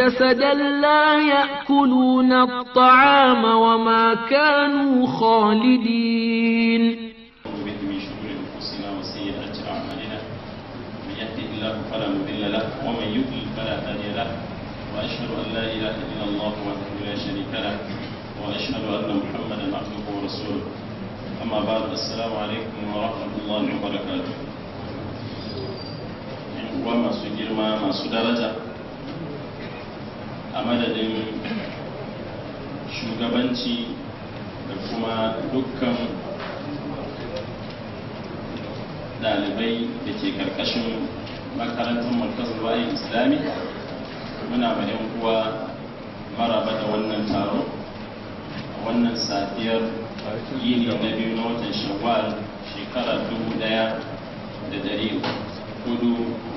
جسدا لا يأكلون الطعام وما كانوا خالدين من شرور أنفسنا وسيئات أعمالنا من يهده الله فلا مضل له ومن يضلل فلا هادي له وأشهد أن لا إله إلا الله وحده لا شريك له وأشهد أن محمدا عبده ورسوله أما بعد السلام عليكم ورحمة الله وبركاته. وما uwa masu girma a madadin shugabanci da kuma dukkan dalibai da ke karkashin makarantar markazin ra'ayin islami muna ma yan maraba da wannan taro wannan safiyar yini na biyu na watan shawar shekara dubu da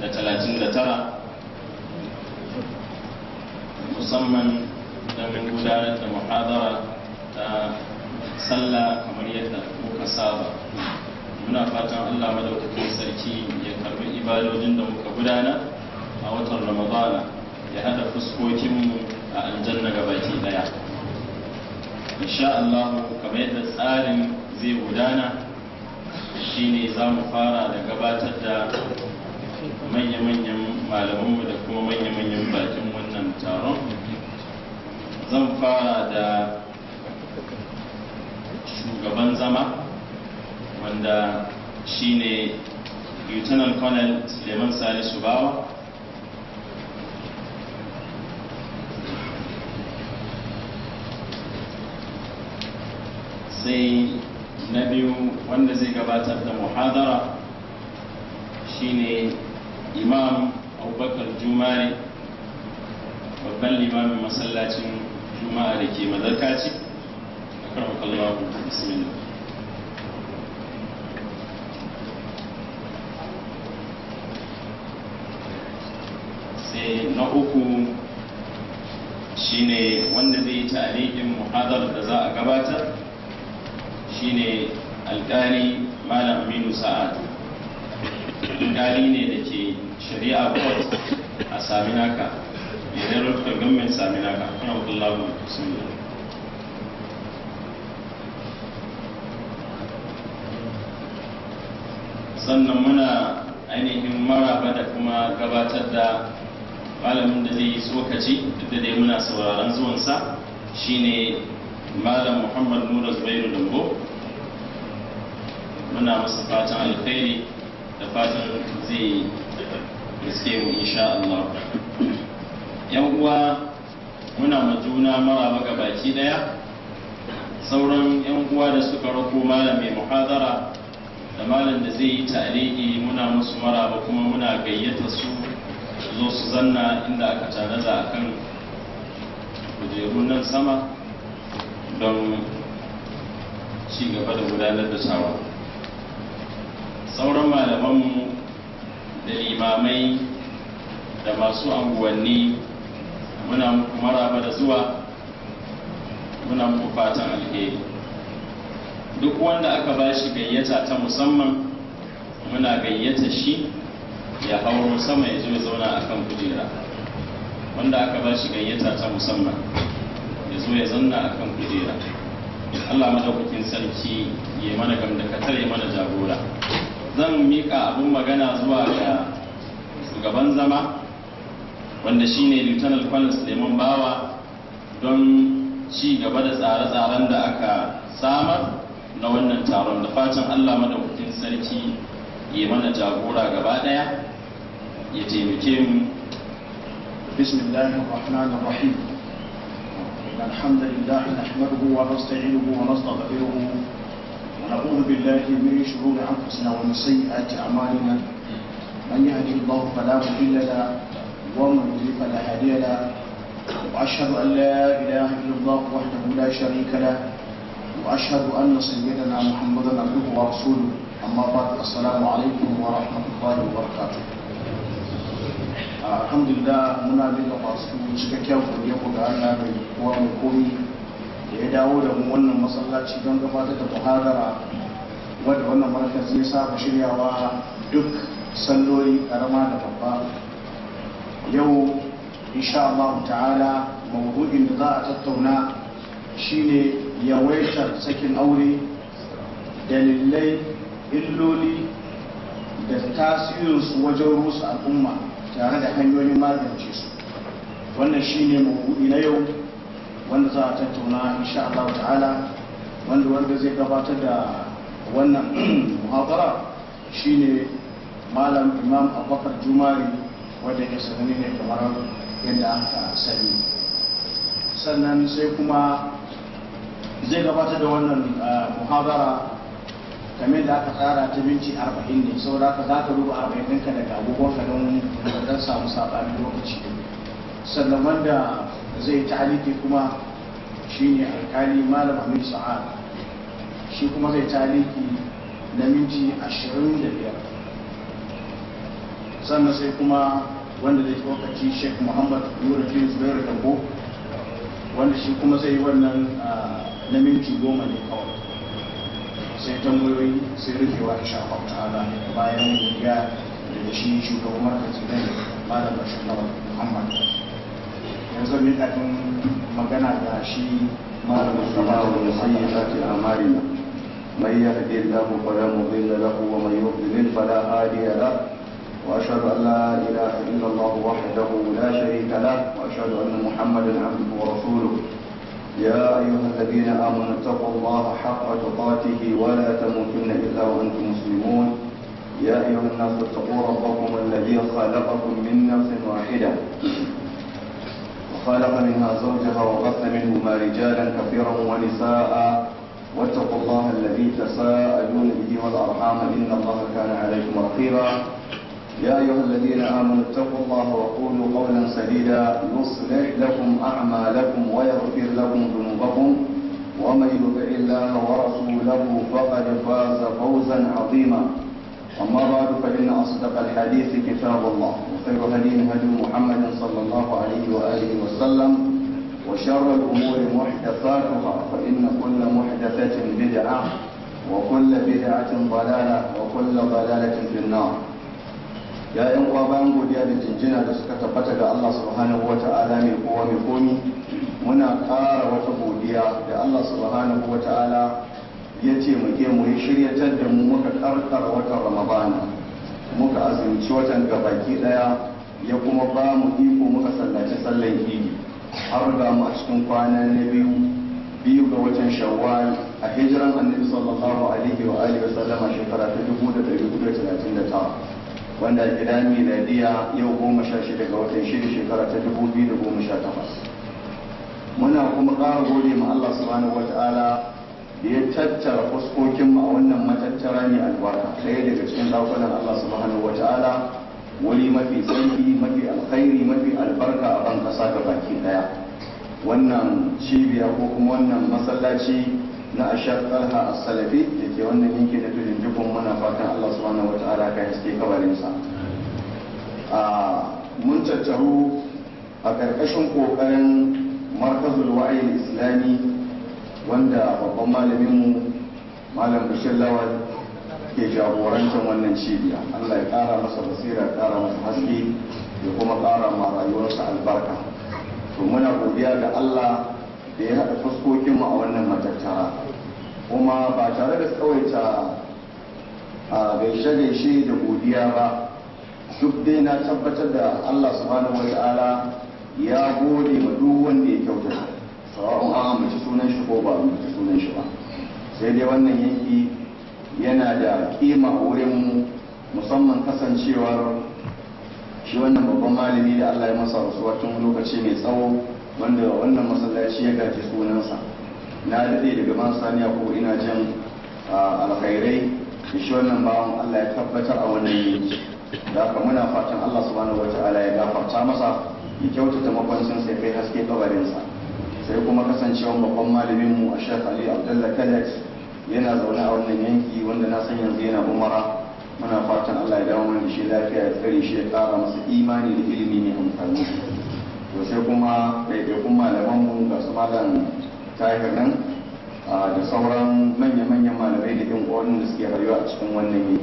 da talatin da tara musamman don gudanar da muhadara ta sallah kamar yadda muka saba muna fatan allah madaukakin sarki ya karbi ibadojin da muka gudana a watan ramadana ya hada fuskokinmu a aljanna gabaki daya insha allah kamar yadda tsarin zai gudana shine za mu fara da gabatar da manya-manyan malamanmu da kuma manya-manyan bakin wani taron zan fara da shugaban zama wanda shine lieutenant colonel suleiman salisu bawa sai na biyu wanda zai gabatar da muhadara shine imam abubakar jumari babban limamin masallacin juma'a da ke ce, a karfa karfafa bismillah sai na uku shine wanda zai yi tarihin muhadar da za a gabatar shine alkali malam aminu sa'ad alkali ne da ke shari'a a saminaka sannan muna ainihin maraba da kuma gabatar da malamin da zai yi tsokaci duk da dai muna sauraron zuwansa shine malam muhammad nura zubairu dambo muna masa fatan alkhairi da fatan zai riske mu insha Allah yan uwa muna ma juna maraba ga daya sauran yan uwa da suka rako malam mai muhadara da malam da zai yi tarihi muna musu maraba kuma muna gayyata su zo su zanna inda aka tare da kan kujeru nan sama don ci gaba da gudanar da sawa sauran malamanmu da limamai da masu anguwanni muna muku maraba da zuwa muna muku fatan alheri duk wanda aka ba shi gayyata ta musamman muna gayyata shi ya hauro sama ya zo ya zauna a kan kujera wanda aka ba shi gayyata ta musamman ya zo ya zanna a kan kujera allah madaukakin sarki ya mana gamdakatar ya mana jagora zan mika abin magana zuwa ga shugaban zama wanda shine lieutenant colonel suleiman bawa don ci gaba da tsare-tsaren da aka samar na wannan taron da fatan allah madaukakin sarki ya mana jagora gaba daya ya taimake mu الحمد لله نحمده ونستعينه ونستغفره ونعوذ بالله من شرور انفسنا ومن سيئات اعمالنا من يهده الله فلا مضل له ومن لا هادي له وأشهد أن لا إله إلا الله وحده لا شريك له amma أن سيدنا محمدا عبده ورسوله أما بعد السلام عليكم ورحمة الله وبركاته alhamdulillah muna dinga masu cikakken godiya ku ga Allah mai kowa mai komi da ya dawo da mu wannan masallaci don gabatar da muhadara wadda wannan markaz ya saba shiryawa duk salloli karama da babba yau insha Allah ta'ala mawdu'in da za a tattauna shine yawaitar sakin aure dalilai illoli da tasirinsu wajen rusa al'umma tare da hanyoyin magance su wannan shine mawdu'i na yau wanda za a tattauna insha Allah ta'ala wanda wanda zai gabatar da wannan muhabara shine malam imam abubakar jumari wanda ya sananne ne kamar yadda aka sani sannan sai kuma zai gabatar da wannan eh, muhabara kamar da aka tsara ta minti arba'in ne saboda za ka duba arba'in ɗinka daga abubuwan ka don dan samu saɓani lokaci sannan wanda zai ta haliki kuma shine alkali malam amir sa'ad shi kuma zai ta na minti ashirin da biyar sannan sai kuma wanda zai tsokaci sheikh muhammad nurajin zubairu tambo wanda shi kuma zai wannan ah, na minti goma ne kawai sai tambayoyi sai rufewa da shafa ta'ala bayan ya da shi shugaban markazi da malam bashir lawal muhammad yanzu ne kafin magana da shi malam mustafa wa sayyidati amarina من يهدي الله فلا مضل له ومن يضلل فلا هادي له وأشهد أن لا إله إلا الله وحده لا شريك له وأشهد أن محمدا عبده ورسوله يا أيها الذين آمنوا اتقوا الله حق تقاته ولا تموتن إلا وأنتم مسلمون يا أيها الناس اتقوا ربكم الذي خلقكم من نفس واحدة وخلق منها زوجها وبث منهما رجالا كثيرا ونساء واتقوا الله الذي تساءلون به والأرحام إن الله كان عليكم رقيبا يا أيها الذين آمنوا اتقوا الله وقولوا قولا سديدا يصلح لكم أعمالكم ويغفر لكم ذنوبكم ومن يطع الله ورسوله فقد فاز فوزا عظيما أما بعد فإن أصدق الحديث كتاب الله وخير هدي هدي محمد صلى الله عليه وآله وسلم وشر الأمور محدثاتها فإن كل محدثة بدعة وكل بدعة ضلالة وكل ضلالة في النار ya yan uwa bayan godiya da jinjina da suka tabbata ga Allah subhanahu wa ta'ala mai kowa mai komi muna kara wata godiya da Allah subhanahu wa ta'ala ya ce muke mu yi shiryatar da mu muka karkar wata ramadana muka azumci watan gabaki daya ya kuma ba mu iko muka sallaci sallan idi har ga mu a cikin kwana na biyu biyu ga watan shawwal a hijiran annabi sallallahu alaihi wa alihi wa sallama shekara ta 1439 wanda gida miladiya yau goma sha shida ga watan shida shekara ta dubu biyu da goma sha takwas muna kuma ƙara gode ma Allah subhanahu wata'ala da ya tattara fuskokinmu a wannan matattara ne albarka ɗaya daga cikin ɗakunan Allah subhanahu wata'ala wani mafi tsarki mafi alkhairi mafi albarka a ban ƙasa ga baki ɗaya wannan cibiya ko kuma wannan masallaci na ashaq talha asalafi salafi da ke wannan yanki na tunin dukkan muna fatan allah su subhanahu wata ta'ala ka haske kabarinsa mun tattaru a ƙarƙashin ƙoƙarin markazul wa'ayin islami wanda babban malaminmu malam bashir lawal ke jagorancin wannan cibiya allah ya ƙara masa basira ƙara masa haske ya kuma ƙara ma rayuwarsa albarka to muna godiya ga allah da ya haɗa fuskokinmu a wannan matattara kuma ba tare da tsawaita a gaishe-gaishe da godiya ba duk dai na tabbatar da Allah subhanahu ala ya gode ma duk wanda ya kyauta sawa'un an amince sunan shi ko ba amince sunan shi ba sai dai wannan yanki yana da kima wurin musamman kasancewar shi wannan babban malami da Allah ya masa rasuwa tun lokaci mai tsawo wanda wannan masallaci ya gaji sunansa na daɗe daga man saniya ko ina jan alkhairai da shi wannan bawan Allah ya tabbatar a wannan yanki da muna fatan Allah subhanahu ta'ala ya gafarta masa ya kyautata makwancin sai kai haske kabarinsa sai kuma kasancewa babban malamin mu a Sheikh Ali Abdullah Kalat yana zaune a wannan yanki wanda na san yanzu yana umara muna fatan Allah ya dawo mana da shi lafiya ya tsare shi ya kara masa imani da ilimi mai amfani to sai kuma ɗaiɗaikun malamanmu ga su malam tahir nan da sauran manya-manyan malamai da ɗin wani da suke rayuwa a cikin wannan yi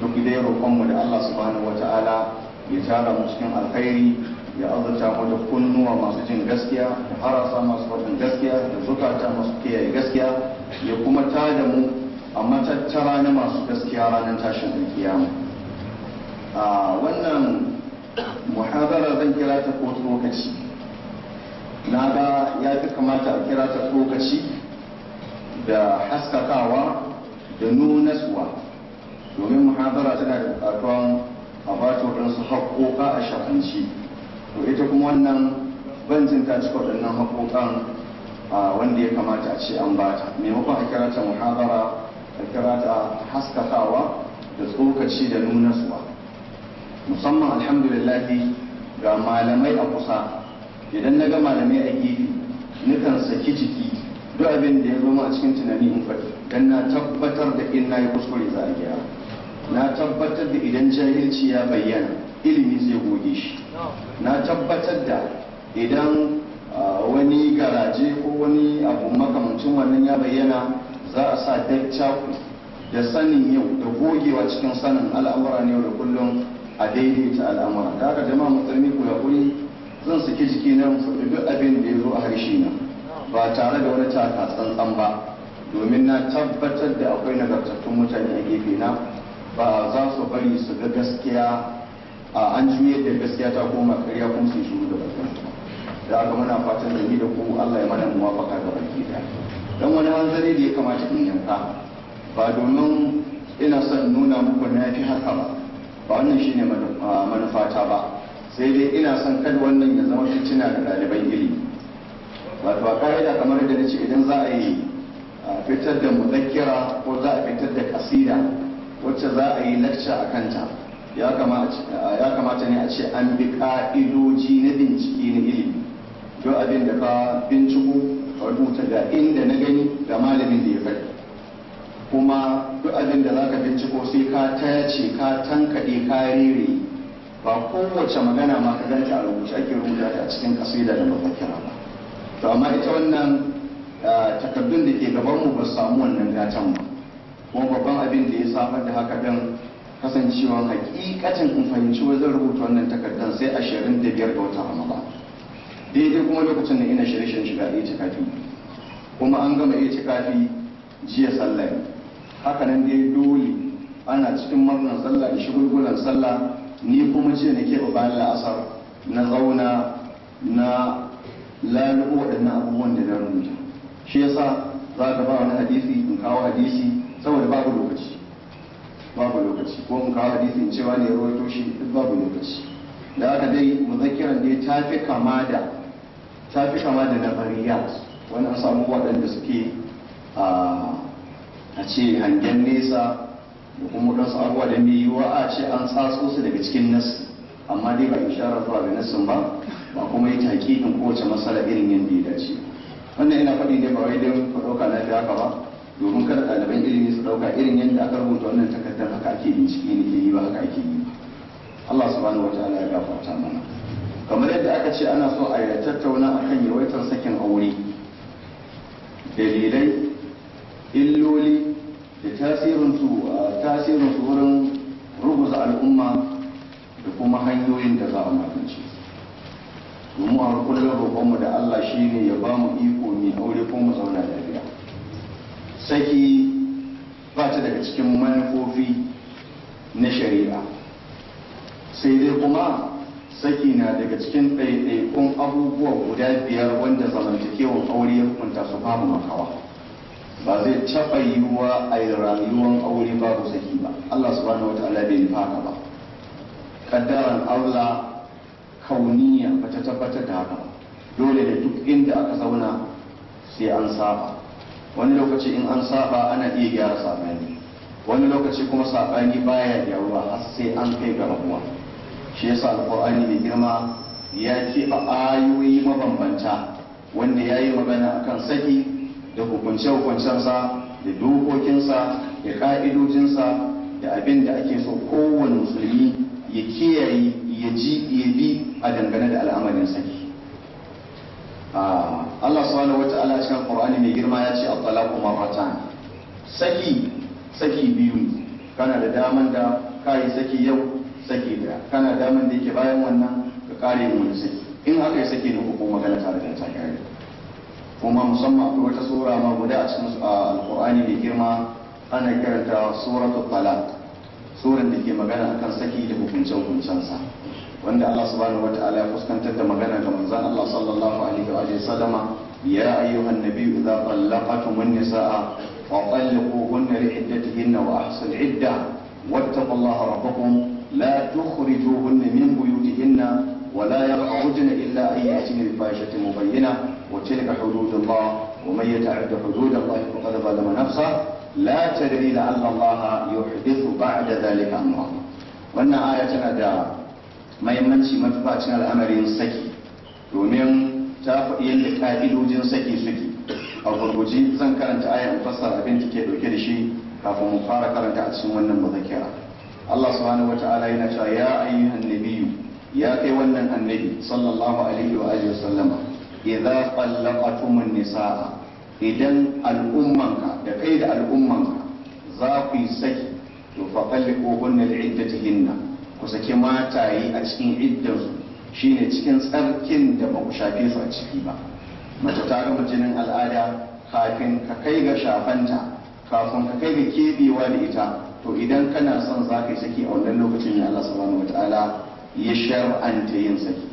duk dai roƙonmu da allah subhanahu wa ta'ala ya tara mu cikin alkhairi ya azurta mu da kunnuwa masu jin gaskiya da harasa masu faɗin gaskiya da zukata masu kiyaye gaskiya ya kuma tada mu a matattara na masu gaskiya ranar tashin alkiyama wannan muhadara zan kira ta ko lokaci na ga ya fi kamata a kira ta lokaci da haskakawa da nunaswa domin muhadara tana da bukatuwan a ba ta waɗansu haƙoƙa a shafanci to ita kuma wannan banjin ta cika waɗannan haƙoƙan wanda ya kamata a ce an bata maimakon a kira ta muhadara a kira ta haskakawa da tsokaci da nunaswa musamman alhamdulillah ga malamai a kusa idan na ga malamai a gefe nukan saki ciki duk abin da ya zo a cikin tunani in faɗi dan na tabbatar da in na yi kuskure za a gyara na tabbatar da idan jahilci ya bayyana ilimi zai goge shi na tabbatar da idan wani garaje ko wani abu makamancin wannan ya bayyana za a sa dattaku da sanin yau da gogewa cikin sanin al'amura ne yau da kullum a daidaita al'amura da haka jama'a musulmi ku hakuri zan saki jiki na faɗi duk abin da ya zo a harshe na ba tare da wani taka tsantsan ba domin na tabbatar da akwai nagartattun mutane a gefe na ba za su bari su ga gaskiya a an juye da gaskiya ta koma karya kuma su shuru da bakin da aka muna fatan da ni da ku Allah ya mana muwafaka ga baki da dan wani hanzari da ya kamata in yanka ba domin ina son nuna muku na fi haka ba ba wannan shine manufata ba sai dai ina son kada wannan ya zama cina da ɗaliban ilimi wato a ƙa'ida kamar da na ce idan za a yi fitar da muzakkira ko za a fitar da kasida wacce za a yi lakca a kanta ya kamata ne a ce an bi ka'idoji na bincike na ilimi don abin da ka binciko ka rubuta ga inda na gani ga malamin da ya faɗi kuma duk abin da za ka binciko sai ka tace ka tankaɗe ka rere ba kowace magana ma ka ganta a rubuce ake rubuta a cikin kasida da mafakira ba to amma ita wannan takardun da ke gaban mu ba samu wannan gatan ba kuma babban abin da ya samar da haka din kasancewa hakikacin in fahimci wajen rubuta wannan takardun sai ashirin da biyar ga watan ramadan daidai kuma lokacin da ina shirye-shiryen shiga ita kafi kuma an gama ita kafi jiya sallah haka nan dai dole ana cikin murnar sallah da shigulgulan sallah ni kuma ce na ke bayan la'asar na zauna na lalubo waɗannan abubuwan da na rubuta shi yasa za ka ba wani hadisi in kawo hadisi saboda babu lokaci babu lokaci ko in kawo hadisi in cewa ne rawaito shi duk babu lokaci da haka dai muzakiran dai ta fi kama da ta fi kama da wani an samu waɗanda suke a ah, a ce hangen nesa da kuma wadansu abubuwa da mai yiwuwa a ce an tsaso su daga cikin nas amma dai ba ishara zuwa ga nasin ba ba kuma yi takikin kowace matsala irin yadda ya dace wannan ina faɗi ne ba wai don ku ɗauka na fi haka ba domin kada ɗaliban ilimi su ɗauka irin yadda aka rubuta wannan takardar haka ake bincike ne ke yi ba haka ake yi Allah subhanahu wataala ya gafarta mana kamar yadda aka ce ana so a yi tattauna akan yawaitar sakin aure dalilai illoli da tasirinsu tasirinsu wurin ruguza al'umma da kuma hanyoyin da za a magance domin a kullum roƙonmu da Allah shi ne ya ba mu iko mai aure ko mu zauna lafiya saki ba ta daga cikin manufofi na shari'a sai dai kuma saki na daga cikin ɗaiɗaikun abubuwa guda biyar wanda zamantakewan aure ya hukunta su mu makawa ba zai taɓa yiwuwa a yi rayuwan aure babu saki ba Allah subhanahu wa ta'ala bai nufa ba kaddaran Allah kauniya ba ta tabbatar da haka ba. dole da duk inda aka zauna sai an saba wani lokaci in an saba ana iya gyara sabani wani lokaci kuma sabani baya gyaruwa har sai an kai ga rabuwa shi yasa alqur'ani mai girma ya ce a ayoyi mabambanta wanda ya yi magana akan saki da hukunce-hukuncensa da dokokinsa da ka'idojinsa da abin da ake so kowane musulmi ya kiyaye ya ji ya bi a dangane da al'amarin saki ah, Allah subhanahu wa ta'ala cikin Qur'ani mai girma ya ce at-talaqu marratan saki saki biyu kana da daman da kai saki yau saki da kana da daman da yake bayan wannan ka kare mu saki in aka yi saki na kuma magana da ta kare كما مسمى في وجه سورة ما بدأت آه، القرآن بكرمة أنا كرت سورة الطلاق سورة دي مغانا أكر سكي لبكم جوك مسانسا وأن الله سبحانه وتعالى فسكن تد كما كمنزان الله صلى الله عليه وآله وسلم يا أيها النبي إذا طلقتم النساء فطلقوهن لعدتهن وأحسن عدة واتقوا الله ربكم لا تخرجوهن من بيوتهن ولا يخرجن إلا أن يأتين بفاحشة مبينة وتلك حدود الله ومن يتعد حدود الله فقد ظلم نفسه لا تدري لعل الله يحدث بعد ذلك امرا wannan aya tana da mahimmanci matuƙa al'amarin saki domin ta faɗi yadda ƙa'idojin saki suke a gurguji zan karanta aya in fassara abin take dauke da shi kafin mu fara karanta a cikin wannan muzakira Allah subhanahu wata'ala yana cewa ya ayyuhan nabiyyu ya kai wannan annabi sallallahu alaihi wa alihi wa sallama idza tallaqatumun nisaa idan al'ummanka da kai da al'ummanka za ku yi saki to fa talliquhunna li'iddatihinna ku saki mataye a cikin iddarsu shine cikin tsarkin da ba ku shafe su a ciki ba mace ta gama jinin al'ada kafin ka kai ga shafanta kafin ka kai ga kebewa da ita to idan kana son za ka yi saki a wannan lokacin ya Allah subhanahu wataala ya shar'anta yin saki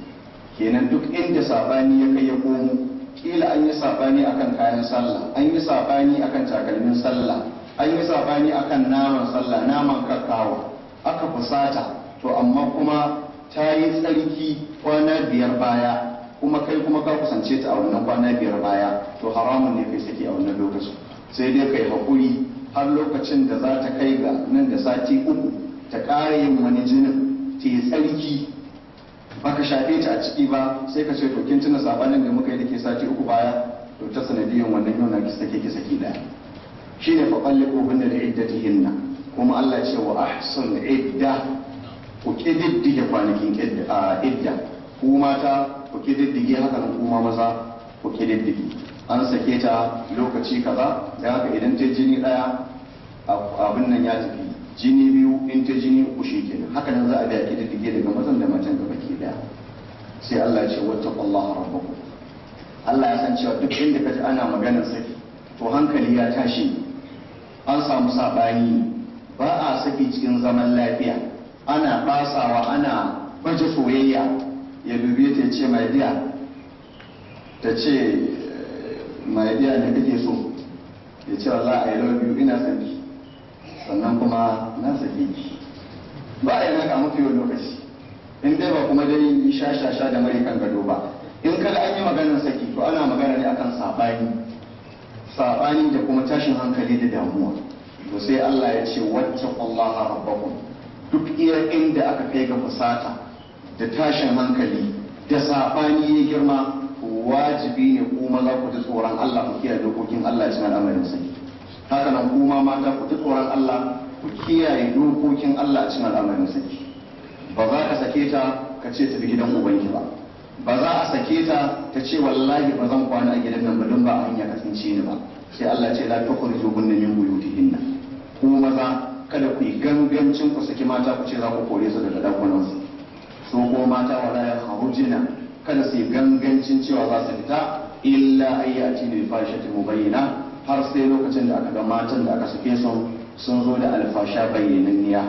kenan duk inda sabani ya kai ya komo kila an yi sabani akan kayan sallah an yi sabani akan takalmin sallah an yi sabani akan naman sallah naman kakkawa aka fusata to amma kuma ta yi tsarki kwana biyar baya kuma kai kuma ka kusance ta a wannan kwana biyar baya to haramun ne kai saki a wannan lokacin sai dai kai hakuri har lokacin da za ta kai ga nan da sati uku ta ƙara yin wani jinin ta yi tsarki baka shafe ta a ciki ba sai ka ce to kin tuna sabanin da muka yi dake sati uku baya to ta sanadiyan wannan yau na ki sake ki saki daya shine fa qalliqu bin iddatihinna kuma Allah ce wa ahsan idda ku kididdige kwanakin idda ku mata ku kididdige haka kuma maza ku kididdige an sake ta lokaci kaza da haka idan ta jini daya abin nan ya tafi jini biyu in ta jini uku shi kenan haka nan za a biya kididdige daga mazan da matan gaba sai Allah ya ce Allah rabu Allah ya san cewa duk inda ji ana maganar saki to hankali ya tashi an samu sabani ba a saki cikin zaman lafiya ana basawa ana baje soyayya ya dubi ta ce mai biya ta ce mai biya ne kake so ya ce Allah I love you ina saki sannan kuma na saki ba a yi maka mafi lokaci in dai ba kuma dai shashasha da mai kan gado ba in kada an yi maganar saki to ana magana ne akan sabani sabani da kuma tashin hankali da damuwa to sai Allah ya ce wacce wattaqullaha rabbakum duk iya inda aka kai ga fusata da tashin hankali da sabani ya girma wajibi ne kuma za ku ji tsoron Allah ku kiyaye dokokin Allah ya al'amarin saki haka nan kuma mata ku ji tsoron Allah ku kiyaye dokokin Allah ya al'amarin saki ba za ka sake ta ka ce tafi gidan ubanki ba ba za a sake ta ta ce wallahi ba zan kwana a gidan nan ba don ba a hanya ka ni ba sai Allah ce la takhruju bunna min buyutihinna ku maza kada ku yi gangancin ku saki mata ku ce za ku kore su daga dakunan su so ko mata wala ya kharujina kada su yi gangancin cewa za su fita illa ayyati bi fashatin mubayyana har sai lokacin da aka ga matan da aka sake su sun zo da alfasha bayyananniya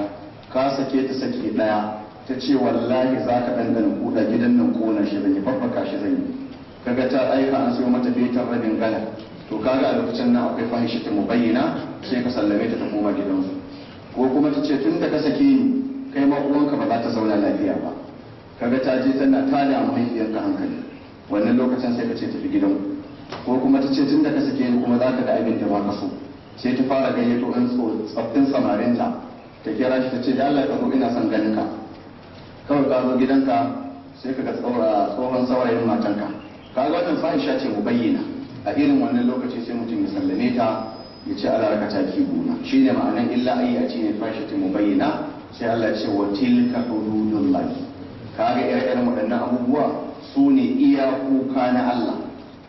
ka sake ta sake daya ta ce wallahi za ka ɗanɗana kuɗa gidan nan kona shi zan yi babbaka shi zan yi kaga ta aika an sayo mata fetar rabin gala to kaga a lokacin nan akwai fahishi ta mubayyana sai ka sallame ta ta koma gidansu ko kuma ta ce tun da ka sake ni kai ma uwanka ba za ta zauna lafiya ba kaga ta je tana da mahaifiyarka hankali wannan lokacin sai ka ce tafi gidan ko kuma ta ce tun da ka sake ni kuma za ka da abin da ba ka so sai ta fara gayyato ɗan tsoffin samarinta ta kira shi ta ce da Allah ka ina son ganin ka kawai ka zo gidanka sai ka ga tsohon saurayin matanka ka ga wannan fahisha ce mu bayyana a irin wannan lokaci sai mutum ya sallame ta ya ce ala raka ta ki shi shine ma'anan illa ayi a cikin fahisha ce mu bayyana sai Allah ya ce wa tilka hududullahi ka ga ire-iren waɗannan abubuwa su ne kuka na Allah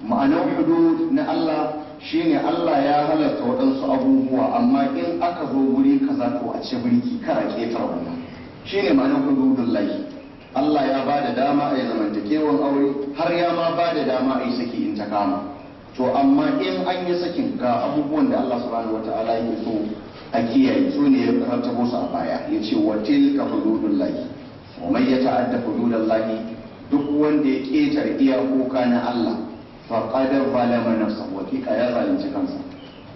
ma'anar hudud na Allah shine Allah ya halarta waɗansu abubuwa amma in aka zo wuri kaza ko a ce birki kara ketar wannan Shi shine ma'anar hududun lahi Allah ya ba da dama a yi zamantakewan aure har ya ma ba da dama a yi saki in ta kama to amma in an yi sakin ga abubuwan da Allah subhanahu wata'ala ya so a kiyaye su ne ya karanta musu a baya ya ce wa tilka hududun lahi wa mai ya ta'adda hududun lahi duk wanda ya ƙetare iyakoka na Allah faqad zalama wa hakika ya zalunci kansa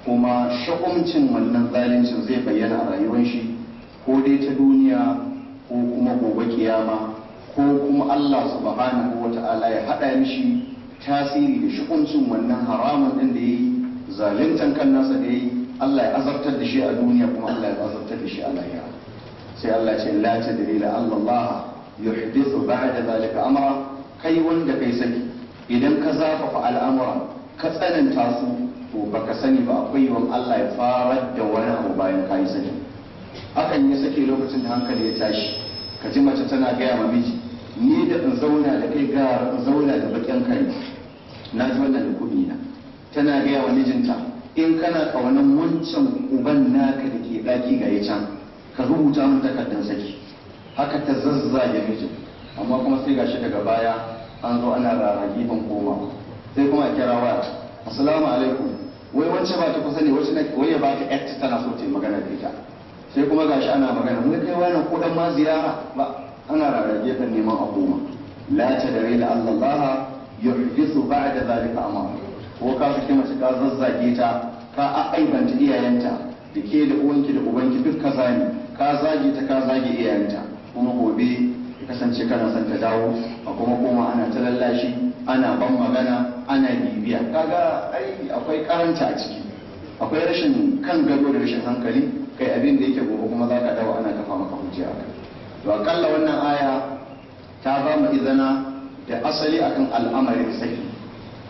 kuma shakumcin wannan zaluncin zai bayyana a rayuwar shi ko dai ta duniya ko kuma gobe kiyama ko kuma Allah subhanahu wa ta'ala ya haɗa mishi tasiri da shukuncin wannan haramun din da yayi zaluntar kan nasa da yayi Allah ya azartar da shi a duniya kuma Allah ya azartar da shi a lahira sai Allah ce la tadri la Allah yuhdithu ba'da zalika amra kai wanda kai sani, idan ka zafafa al'amura ka tsananta su to baka sani ba akwai wani Allah ya farar da wani abu bayan kai sani hakan ya sake lokacin da hankali ya tashi ka ji mace tana gaya ma miji ni da in zauna da kai ga in zauna da bakin kai na ji wannan da na tana gaya wa mijinta in kana kawanan wancan uban naka da ke ɗaki ga ya can ka rubuta mun takardar saki haka ta zazzage mijin amma kuma sai gashi daga baya an zo ana rarraki ban koma sai kuma a kira waya assalamu alaikum wai wacce ba ta kusa ne wacce wai ya ba ta tana so ta yi magana da ita sai kuma gashi ana magana mun kai wannan ko dan ma ziyara ba ana rarrage kan neman akoma la ta dare da Allah yuhdisu ba'da zalika amara ko ka suke mace ka zazzage ta ka aibanta iyayenta da ke da uwanki da ubanki duk ka zani ka zage ta ka zage iyayenta kuma gobe kasance kana son ta dawo a kuma koma ana ta lallashi ana ban magana ana bibiya kaga ai akwai karanta a ciki akwai rashin kan gado da rashin hankali kai abin da yake gobe kuma za ka dawo ana kafa maka hujja akai to akalla wannan aya ta ba mu izana da asali akan al'amarin saki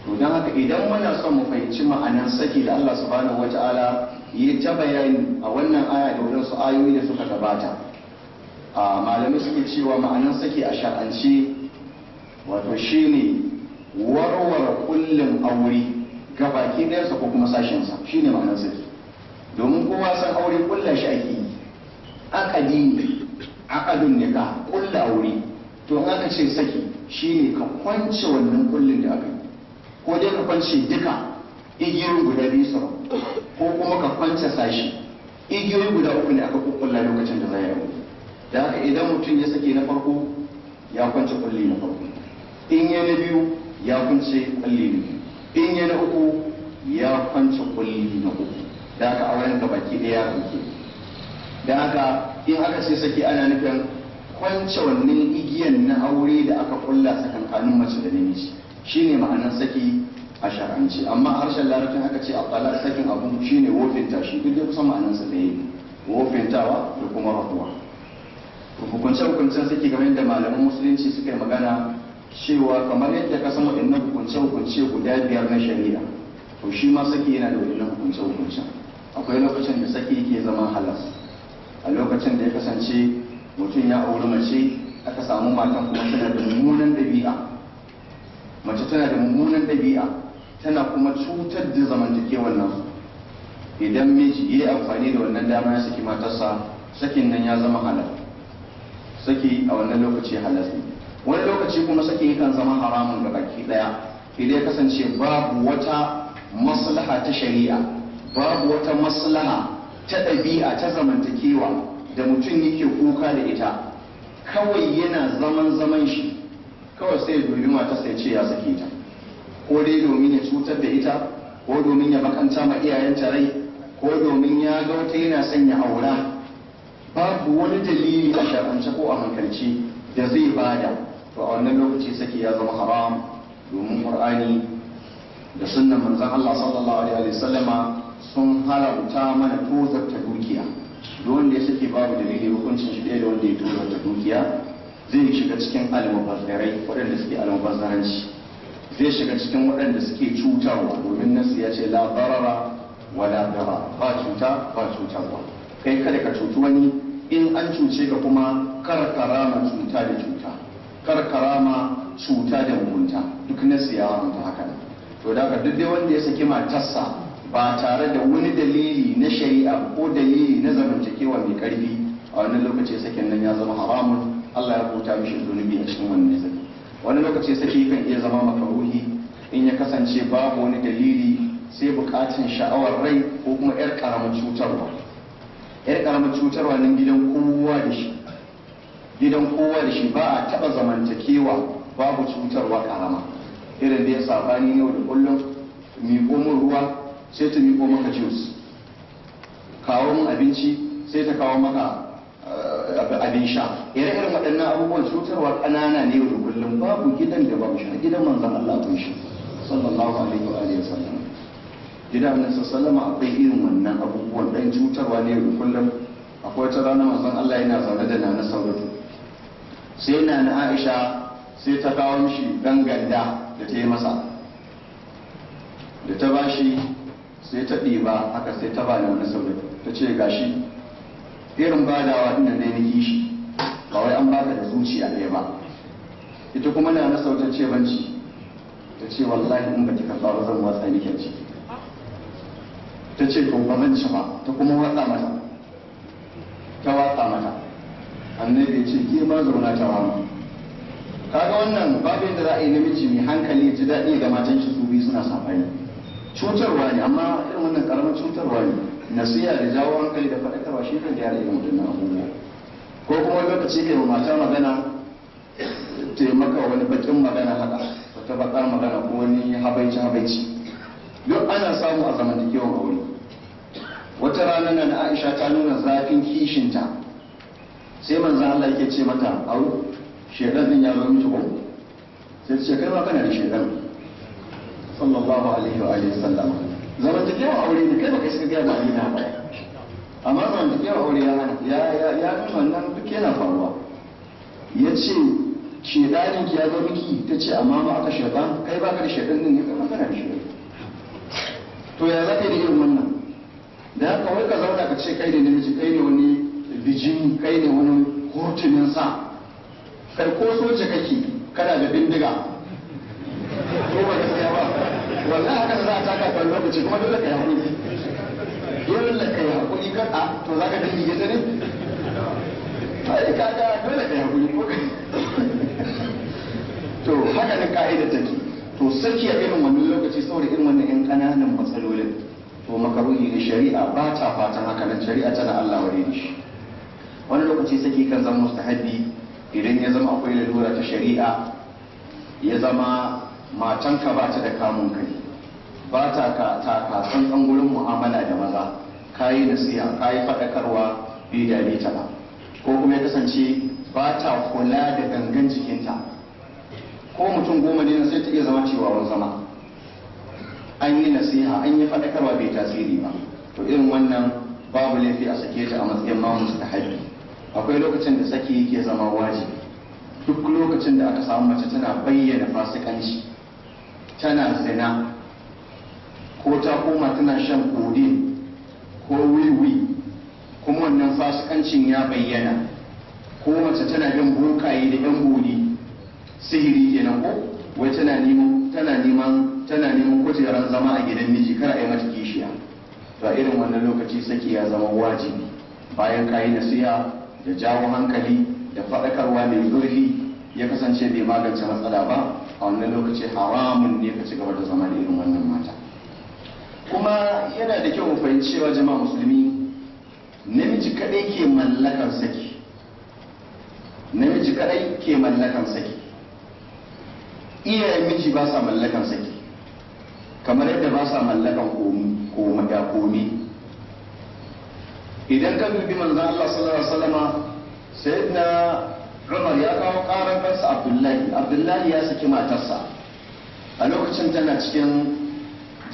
to don haka idan muna son mu fahimci ma'anar saki da Allah subhanahu ta'ala ya ta bayani a wannan aya da su ayoyi da suka gabata a malamai suke cewa ma'anan saki a sha'anci wato shine warware kullum aure ga baki ɗayansa ko kuma sashensa shine ma'anan saki domin kowa san aure kulla shi ake yi akadi ne akadun ne ka kulla aure to in aka ce saki shine ka kwance wannan kullin da aka yi ko dai ka kwance duka igiyoyin guda biyu sau ko kuma ka kwance sashi igiyoyi guda uku ne aka kukkulla lokacin da zai ya da haka idan mutum ya sake na farko ya kwance kulli na farko in ya na biyu ya kwance kulli na biyu in ya na uku ya kwance kulli na uku da aka auren ga baki ɗaya ke da haka in aka ce saki ana nufin kwance wannan igiyan na aure da aka kulla tsakankanin mace da namiji shine ma'anar saki a shar'anci amma harshen larabcin aka ce a sakin abu shine wofinta shi duk da kusan ma'anarsa ɗaya wofintawa da kuma rabuwa hukunce hukuncen saki game da malaman musulunci suka yi magana cewa kamar yadda ka san waɗannan hukunce hukunce guda biyar na shari'a to shi ma saki yana da waɗannan hukunce hukuncen akwai lokacin da saki ke zama halas a lokacin da ya kasance mutum ya auri mace aka samu matan kuma tana da mummunan ɗabi'a mace tana da mummunan ɗabi'a tana kuma cutar da zamantakewar wannan idan miji ya yi amfani da wannan dama ya saki matarsa sakin nan ya zama halal saki a wannan lokaci halas ne wani lokaci kuma saki kan zama haramun ga baki daya idan ya kasance babu wata maslaha ta shari'a babu wata maslaha ta ɗabi'a ta zamantakewa da mutum yake kuka da ita kawai yana zaman zaman shi kawai sai dubi mata sai ce ya sake ta ko dai domin ya cutar da ita ko domin ya makanta ma iyayenta rai ko domin ya ga wata yana son ya aura babu wani dalili a shar'ance ko a hankalci da zai bada to a wannan lokaci sake ya zama haram domin qur'ani da sunnan manzon Allah sallallahu alaihi wasallama sun halarta mana ta dukiya wanda ya suke babu dalili hukuncin shi ɗaya da wanda ya ta dukiya zai shiga cikin almubazzarai waɗanda suke almubazzaranci zai shiga cikin waɗanda suke cutarwa domin nasu ya ce labarara wa wala ba cuta ba cutarwa kai kada ka cutu wani in an cuce ka kuma kar ma cuta da cuta kar ma cuta da mugunta duk nasu ya haramta haka to da duk dai wanda ya saki matarsa ba tare da wani dalili na shari'a ko dalili na zamantakewa mai karfi a wani lokaci sakin nan ya zama haramun Allah ya kuta mishi zunubi a cikin wannan zaki wani lokaci sake kan iya zama makaruhi in ya kasance babu wani dalili sai bukatun sha'awar rai ko kuma yar karamar cutarwa yar karamar cutarwa nan gidan kowa da shi gidan kowa da shi ba a taba zamantakewa babu cutarwa karama irin da ya sabani yau da kullum miƙo ruwa sai ta miko maka juice kawo mun abinci sai ta kawo maka eh, abin sha ire irin waɗannan abubuwan cutarwa ƙanana ne yau da kullum babu gidan da babu shi a gidan manzan Allah ko shi sallallahu alaihi wa alihi wasallam gidan nan sallama akwai irin wannan abubuwan dan cutarwa ne yau da kullum akwai wata rana manzan Allah yana zaune da nana sauratu sai nana Aisha sai ta kawo mishi ganganda da ta yi masa da ta bashi sai ta ɗiba haka sai ta bani wani saurayi ta ce ga shi. irin badawa inda ne ni shi ba wai an baka da zuciya ɗaya ba ita kuma na na sautar ce banci ta ce wallahi in ba ki kafa ba zan watsa ni kyanci ta ce to ba manci ba ta kuma watsa mata ta watsa mata annabi ce ke ma zauna ta wama kaga wannan babin da za a yi namiji mai hankali ji daɗi ga matan shi su biyu suna safari cutarwa ne amma irin wannan karamar cutarwa ne nasiya da jawo hankali da faɗakarwa shi kan gyara irin waɗannan abubuwa ko kuma lokaci ma mata magana taimaka maka wani bakin magana haka wata bakar magana ko wani habaici habaici duk ana samu a zamantakewan wuri wata rana nan aisha ta nuna zafin kishinta sai manzan Allah yake ce mata a shedan din ya zo miki ko sai ce kai ma kana da shedan sallallahu alaihi wa alihi sallam zamantakewa aure ne kai baka shiga ba ni na ba amma zamantakewa aure ya ya ya wannan duk yana faruwa yace shedanin ki ya zo miki ta ce amma ba aka shaidan kai baka da shaidan nan ne kai kana da shaidan to ya zaka yi irin wannan da haka wai ka zauna ka ce kai ne namiji kai ne wani bijin kai ne wani hotunan sa kai ko soja kake kana da bindiga ko ba gaskiya ba wallahi haka za a taka ka lokaci kuma dole ka yaƙuri dole ka yaƙuri kan a to za ka dangi gita ne ai kaga dole ka yaƙuri ko to haka ne ka'ida take to saki a irin wannan lokaci saboda irin wannan yan ƙananan matsalolin to makaruhi ne shari'a ba ta fatan haka nan shari'a tana Allah wa shi wani lokaci saki kan zama mustahabi idan ya zama akwai lalura ta shari'a ya zama matanka ba ta da kamun kai ba ta ka taka tsantsan gurin mu'amala da maza ka yi nasiha ka yi faɗakarwa da dame ta ba ko kuma ya kasance ba ta kula da gangan jikinta ko mutum goma ne sai ta iya zama cewa wani zama an yi nasiha an yi faɗakarwa bai tasiri ba to irin wannan babu laifi a sake ta a matsayin mamun ta hajji akwai lokacin da saki yake zama wajibi duk lokacin da aka samu mace tana bayyana fasikanci tana zina ko ta koma tana shan kodin ko wiwi kuma wannan fasikancin ya bayyana ko mace tana bin bokaye da yan godi sihiri kenan ko wai tana neman tana neman tana neman kujeran zama a gidan miji kar a yi mata kishiya to a irin wannan lokaci saki ya zama wajibi bayan kayi nasiha da jawo hankali da faɗakarwa mai zurfi ya kasance bai magance matsala ba a wannan lokaci haramun ne ka ci gaba da zama da irin wannan mata kuma yana da kyau mu fahimci cewa jama'a musulmi namiji kadai ke mallakan saki namiji kadai ke mallakan saki iyayen miji ba sa mallakan saki kamar yadda ba sa mallakan komi da komi idan ka dubi manzon Allah sallallahu alaihi wasallama sayyidina Umar ya kawo karan kansa Abdullahi Abdullahi ya saki matarsa a lokacin tana cikin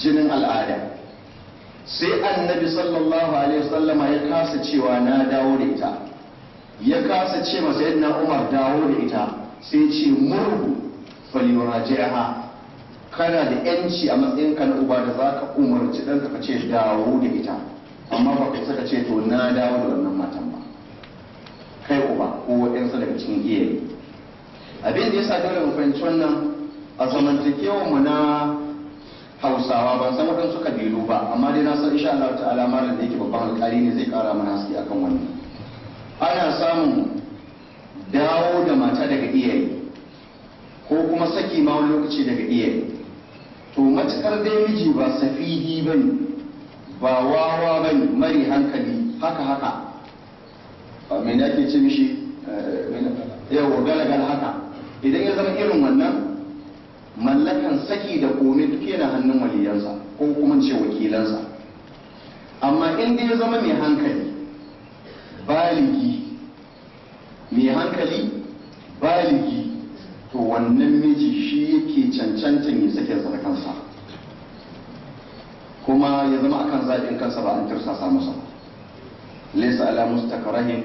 jinin al'ada sai annabi sallallahu alaihi wasallama ya kasa cewa na dawo da ita ya kasa ce masa yadda umar dawo da ita sai ce murhu faliraji'aha kana da yanci a matsayin kan uba da za ka umarci ɗanka ka ce dawo da ita amma ba ka saka ce to na dawo da wannan matan ba kai uba ko waɗansu daga cikin iyaye abin da ya sa dole mu fahimci wannan a zamantakewa mu na hausawa ban san waɗansu kabilu ba amma dai na san insha Allah ta'ala malam da yake babban alƙali ne zai ƙara mana haske akan wannan ana samun dawo da mata daga iyaye ko kuma saki ma wani lokaci daga iyaye to matukar dai miji ba safihi ba ne ba wawa ba ne mari hankali haka haka ba mai na ce mishi eh, gala-gala haka idan ya zama irin wannan mallakan saki da komi duk yana hannun waliyansa ko kuma ce wakilansa amma in ya zama mai hankali baligi mai hankali baligi to wannan miji shi yake cancantan ya sake da kansa kuma ya zama akan zaɓin kansa ba an tirsasa masa laisa ala mustaqrahin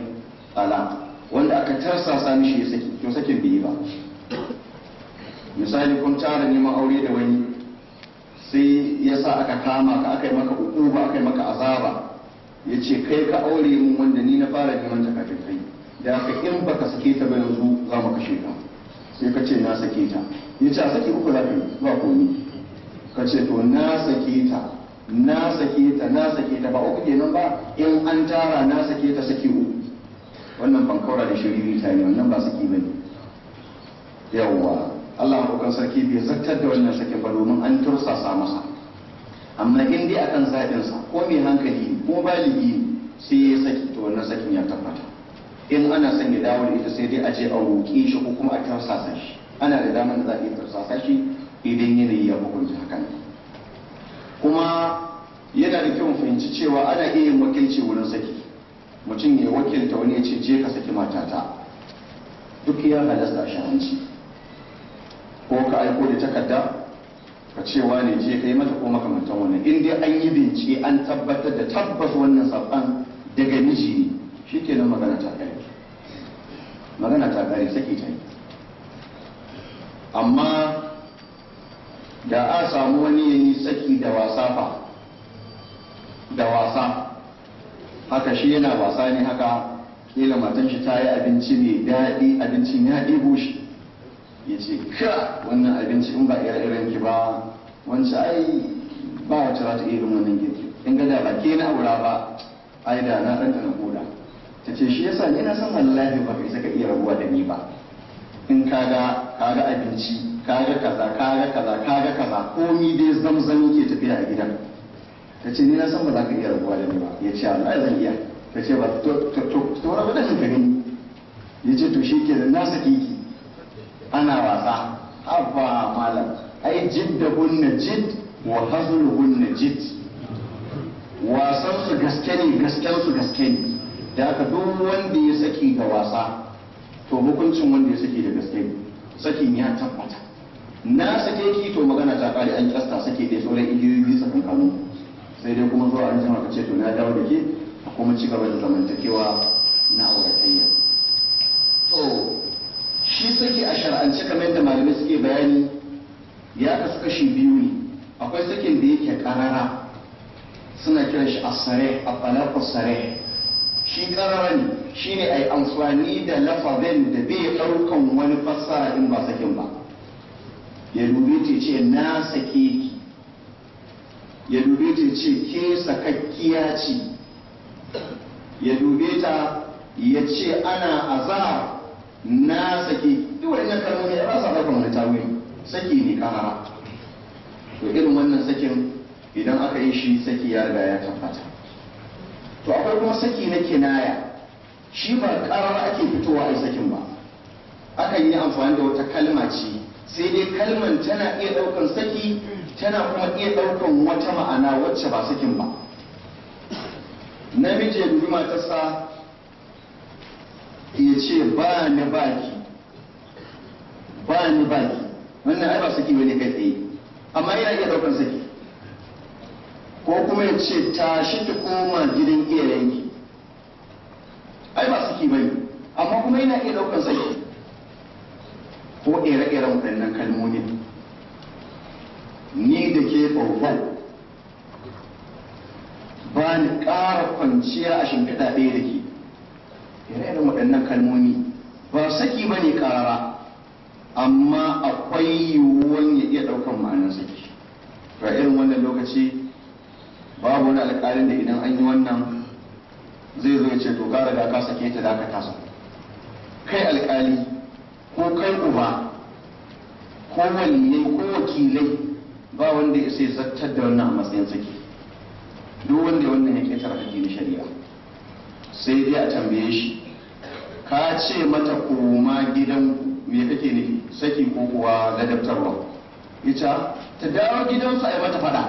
ala wanda aka tirsasa mishi ya saki to sakin bai ba misali kun tara neman aure da wani sai ya sa aka kama ka aka yi maka ukuba aka yi maka azaba ya ce kai ka aure mun wanda ni na fara neman ta kafin kai da aka in baka sake ta ba yanzu za mu kashe ka sai ka ce na sake ta ya ce a sake uku za ba komi ka ce to na sake ta na sake ta na sake ta ba uku kenan ba in an tara na sake ta sake uku wannan ban kaura da shiriri ta ne wannan ba saki ne yawwa Allah maɗaukan sarki bai zartar da wannan sakin ba domin an tursasa masa amma in dai akan zaɓinsa ko mai hankali ko baligi sai ya saki to wannan sakin ya tabbata in ana son ya dawo ita sai dai a je a roƙe shi ko kuma a tursasa shi ana da damar da za a iya tursasa shi idan yanayi ya hukunta hakan kuma yana da kyau fahimci cewa ana iya yin wakilci wurin saki mutum ya wakilta wani ya ce je ka saki matata duk ya halasta shi shahanci ko ka aiko da takarda ka cewa ne je kai mata ko makamantan wannan in dai an yi bincike an tabbatar da tabbas wannan saban daga miji ne shikenan magana ta kare magana ta kare saki ta yi amma da a samu wani yayi saki da wasa fa da wasa haka shi yana wasa ne haka kila matan shi ta yi abinci mai daɗi abincin ya ɗigo shi ya ce ka wannan abinci in ba iya irin ki ba wancan ai ba wacce za ta iya irin wannan girki in ga da ba ke na aura ba ai da na ɗan na koda ta ce shi yasa ni na san wallahi ba kai saka iya rabuwa da ni ba in ka ga ka ga abinci ka ga kaza ka ga kaza ka ga kaza komi dai zamzam ke tafiya a gidan ta ce ni na san ba za ka iya rabuwa da ni ba ya ce Allah zan iya ta ce ba to to to rabu da shi ka gani ya ce to shi ke da na saki ki ana wasa haba malam ai jidda gunna jid wa hazlu gunna jid wasan su gaske ne gasken su gaske ne da aka duk wanda ya saki ga wasa to hukuncin wanda ya saki da gaske ne sakin ya tabbata na sake ki to magana ta kare an kasta sake dai sauran igiyoyi kanu sai dai kuma zuwa an jima ka ce to na dawo da ke kuma ci gaba da zamantakewa na auratayya shi saki a shar'ance kamar yadda malamai suke bayani ya kasu kashi biyu ne akwai sakin da yake karara suna kiran shi asare a falakon sare shi karara ne shi ne a yi amfani da lafazin da bai ɗaukan wani fassara in ba sakin ba ya dubi ta ce na sake ki ya dubi ta ce ke sakakkiya ce ya dube ta ya ce ana azar na saki duk wannan kalmomi ba sa ɗaukar wani tawili saki ne kamara to irin wannan sakin idan aka yi shi saki ya riga ya tabbata to akwai kuma saki na kinaya shi ba ƙarar ake fitowa a sakin ba akan yi amfani da wata kalma ce sai dai kalman tana iya ɗaukan saki tana kuma iya ɗaukan wata ma'ana wacce ba sakin ba namiji ya dubi matarsa ya ce ba ni baki ba ni baki wannan ai ba saki wani kai tsaye amma yana iya daukar saki ko kuma ya ce tashi ta koma gidan iyayenki ai ba saki bane amma kuma yana iya daukar saki ko ire-iren waɗannan kalmomin ni da ke ɓaufau ba ni ƙara kwanciya a shimfiɗa ɗaya da ke irin waɗannan kalmomi ba saki ba ne ƙarara amma akwai yiwuwan ya iya ɗaukan ma'anar saki ga irin wannan lokaci babu wani alƙalin da idan an yi wannan zai zo ya ce to gara da ka sake ta da aka tasa kai alƙali ko kai uba ko waliyai ko wakilai ba wanda ya sai zartar da wannan a matsayin saki duk wanda wannan ya ƙetare hakki na shari'a sai dai a tambaye shi ka ce mata koma gidan me kake ne saki ko kuwa ladabtarwa ita ta dawo gidansa ai mata fada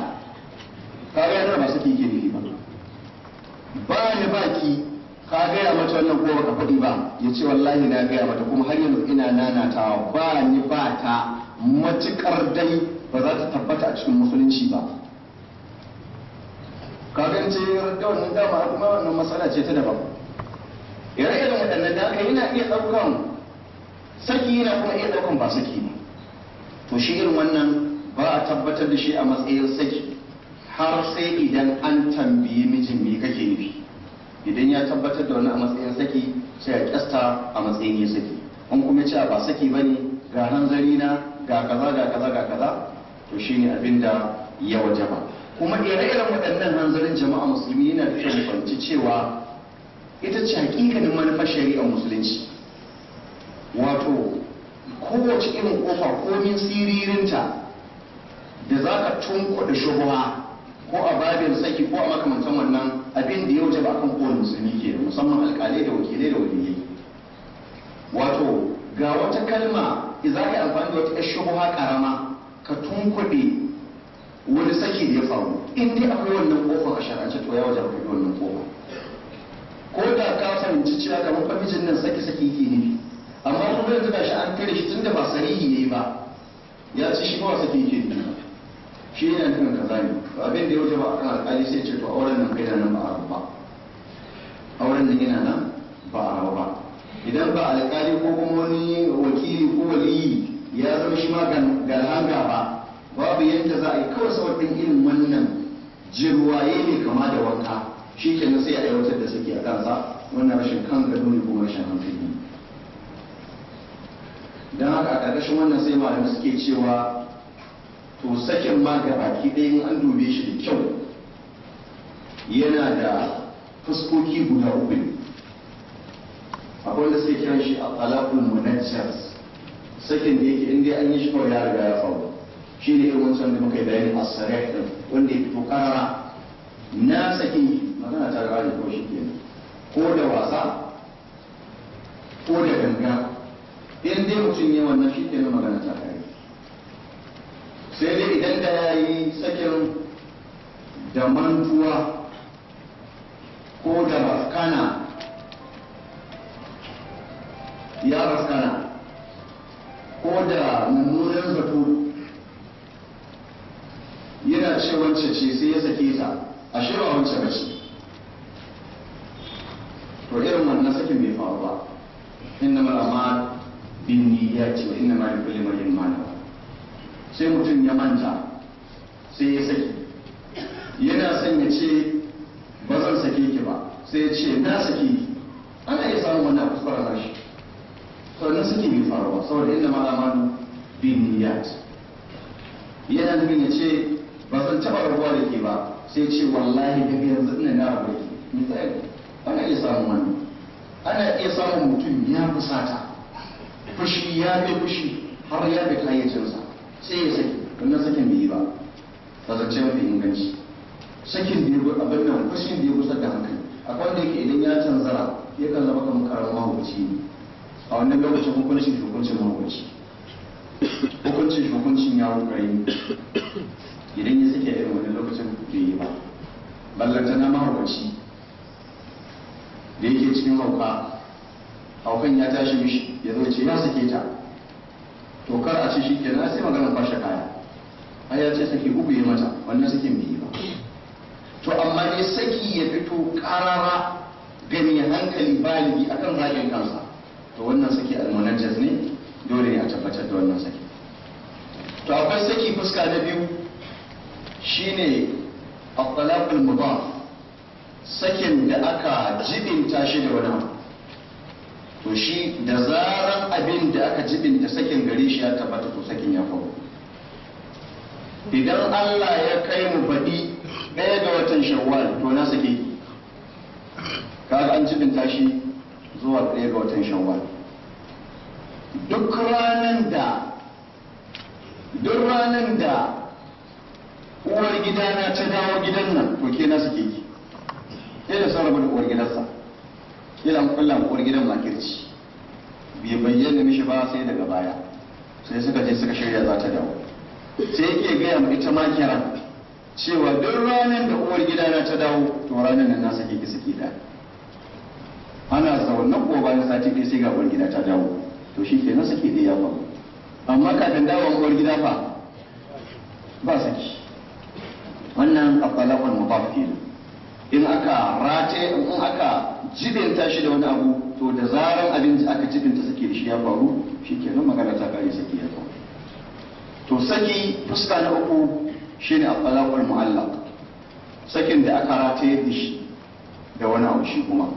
ka ga yana ba saki ke ba ba ni baki ka gaya mata wannan ko ka fadi ba ya ce wallahi na gaya mata kuma har yanzu ina nanatawa ba ni ba ta matuƙar dai ba za ta tabbata a cikin musulunci ba kagan ce da wannan dama kuma wannan matsala ce ta daban ire-iren waɗannan da aka yana iya ɗaukan saki yana kuma iya ɗaukan ba saki ne to shi irin wannan ba a tabbatar da shi a matsayin saki har sai idan an tambayi mijin me kake nufi idan ya tabbatar da wani a matsayin saki sai ya kyasta a matsayin ya saki in kuma ce ba saki ba ne ga hanzari na ga kaza ga kaza ga kaza to shine abin da ya wajaba kuma ire-iren waɗannan hanzarin jama'a musulmi yana da kyau cewa ita ce hakikanin manufar shari'ar musulunci wato kowace irin kofa komin siririnta da za ka tunkuɗa shubuha ko a babin saki ko a makamantan wannan abin da ya wuce ba kan kowane musulmi ke musamman alkalai da wakilai da wakilai wato ga wata kalma za ka yi amfani da wata shubuha karama ka tunkuɗe wani saki da ya faru in dai akwai wannan kofa a shara'ance to ya waje akwai wannan kofa ko da ka fahimci cewa kamar famijin nan saki saki yake ne amma kuma yanzu shi an kare shi tun da ba sarihi ne ba ya ci shi ba saki yake ne shi yana nuna kaza ne abin da ya wuce ba a alƙali sai ce to auren nan kai nan ba a ba auren nan yana nan ba a ba idan ba alƙali ko kuma wani wakili ko waliyi ya zama shi ma galhanga ba babu yadda za a yi kawai sabbin irin wannan jirwaye ne kama da wanka shi ke sai a aiwatar da suke a kansa wannan rashin kan gado ne kuma rashin hankali don haka a ƙarƙashin wannan sai malamai suke cewa to sakin ma ga baki ɗaya an dube shi da kyau yana da fuskoki guda uku ne akwai da suke kiran shi a alaƙun munajjar sakin da yake inda an yi shi kawai ya riga ya faru shi ne irin wancan da muka yi bayani a sarai wanda ya fito karara na sakin magana ta gari ko shi ke ko da wasa ko da ganga in dai mutum ne wannan shi ke magana ta gari sai dai idan da ya yi sakin da mantuwa ko da baskana ya baskana ko da mummunan zato yana ce wancan ce sai ya sake ta a shirya wance mace to irin wannan sakin bai faru ba inda mala ma bin niyyati wa inna ma bi kulli mar'in ma sai mutum ya manta sai ya saki yana son ya ce ba zan sake ki ba sai ya ce na sake ki ana iya samun wannan kuskuren harshe sannan suke bai faru ba saboda inna mala ma bin niyyati yana nufin ya ce ba zan taɓa rabuwa da ke ba sai ce wallahi daga yanzu ina na rabu da ke misali ana iya samun wani ana iya samun mutum ya fusata fushi ya bi fushi har ya bi kayyacinsa sai ya saki wannan sakin bai yi ba ba zance mafi inganci sakin da ya abin nan fushin da ya kusa da hankali akwai wanda yake idan ya canzara ya kan zama kamar karar mahukunci ne a wannan lokacin hukuncin hukuncin mahukunci hukuncin hukuncin ya hukari idan ya sake a irin wani lokacin bai yi ba ballantana mahukunci da yake cikin rauka haukan ya tashi mishi ya zo ce ya sake ta to kar a ce shi ke sai magana kwashe kaya ai ya ce saki uku ya mata wannan sakin bai ba to amma ne saki ya fito karara gani hankali baligi akan zagin kansa to wannan saki almunajjaz ne dole ne a tabbatar da wannan saki to akwai saki fuska na biyu shine الطلاق المضاف sakin da aka jibinta shi da wani to shi da zarar abin da aka jibinta sakin gari shi ya tabbata to sakin ya faru idan Allah ya kai mu baɗi ɗaya ga watan shawwal to na sake kaga an jibinta shi zuwa ɗaya ga watan shawwal duk ranan da duk ranan da uwar gidana ta dawo gidan nan to ke na ki yana son rabu da uwar gidansa yana an kulla uwar gidan makirci bai bayyana mishi ba sai daga baya sai suka je suka shirya za ta dawo sai yake gaya ma ita makira cewa duk ranar da uwar gidana ta dawo to ranar nan na sake ki saki da ana zaune ko bayan sati ɗaya sai ga uwar gida ta dawo to shi ke na saki da ya amma kafin dawon uwar gida fa ba saki wannan afalakon mubaf kenan in aka race in aka jibinta shi da wani abu to da zaran abinci da aka jibinta da shi ya faru shi ke nan magana ta kare saki ya faru to saki fuska na uku shi ne talaqul mu'allaq sakin da aka rataye da shi da wani abu shi kuma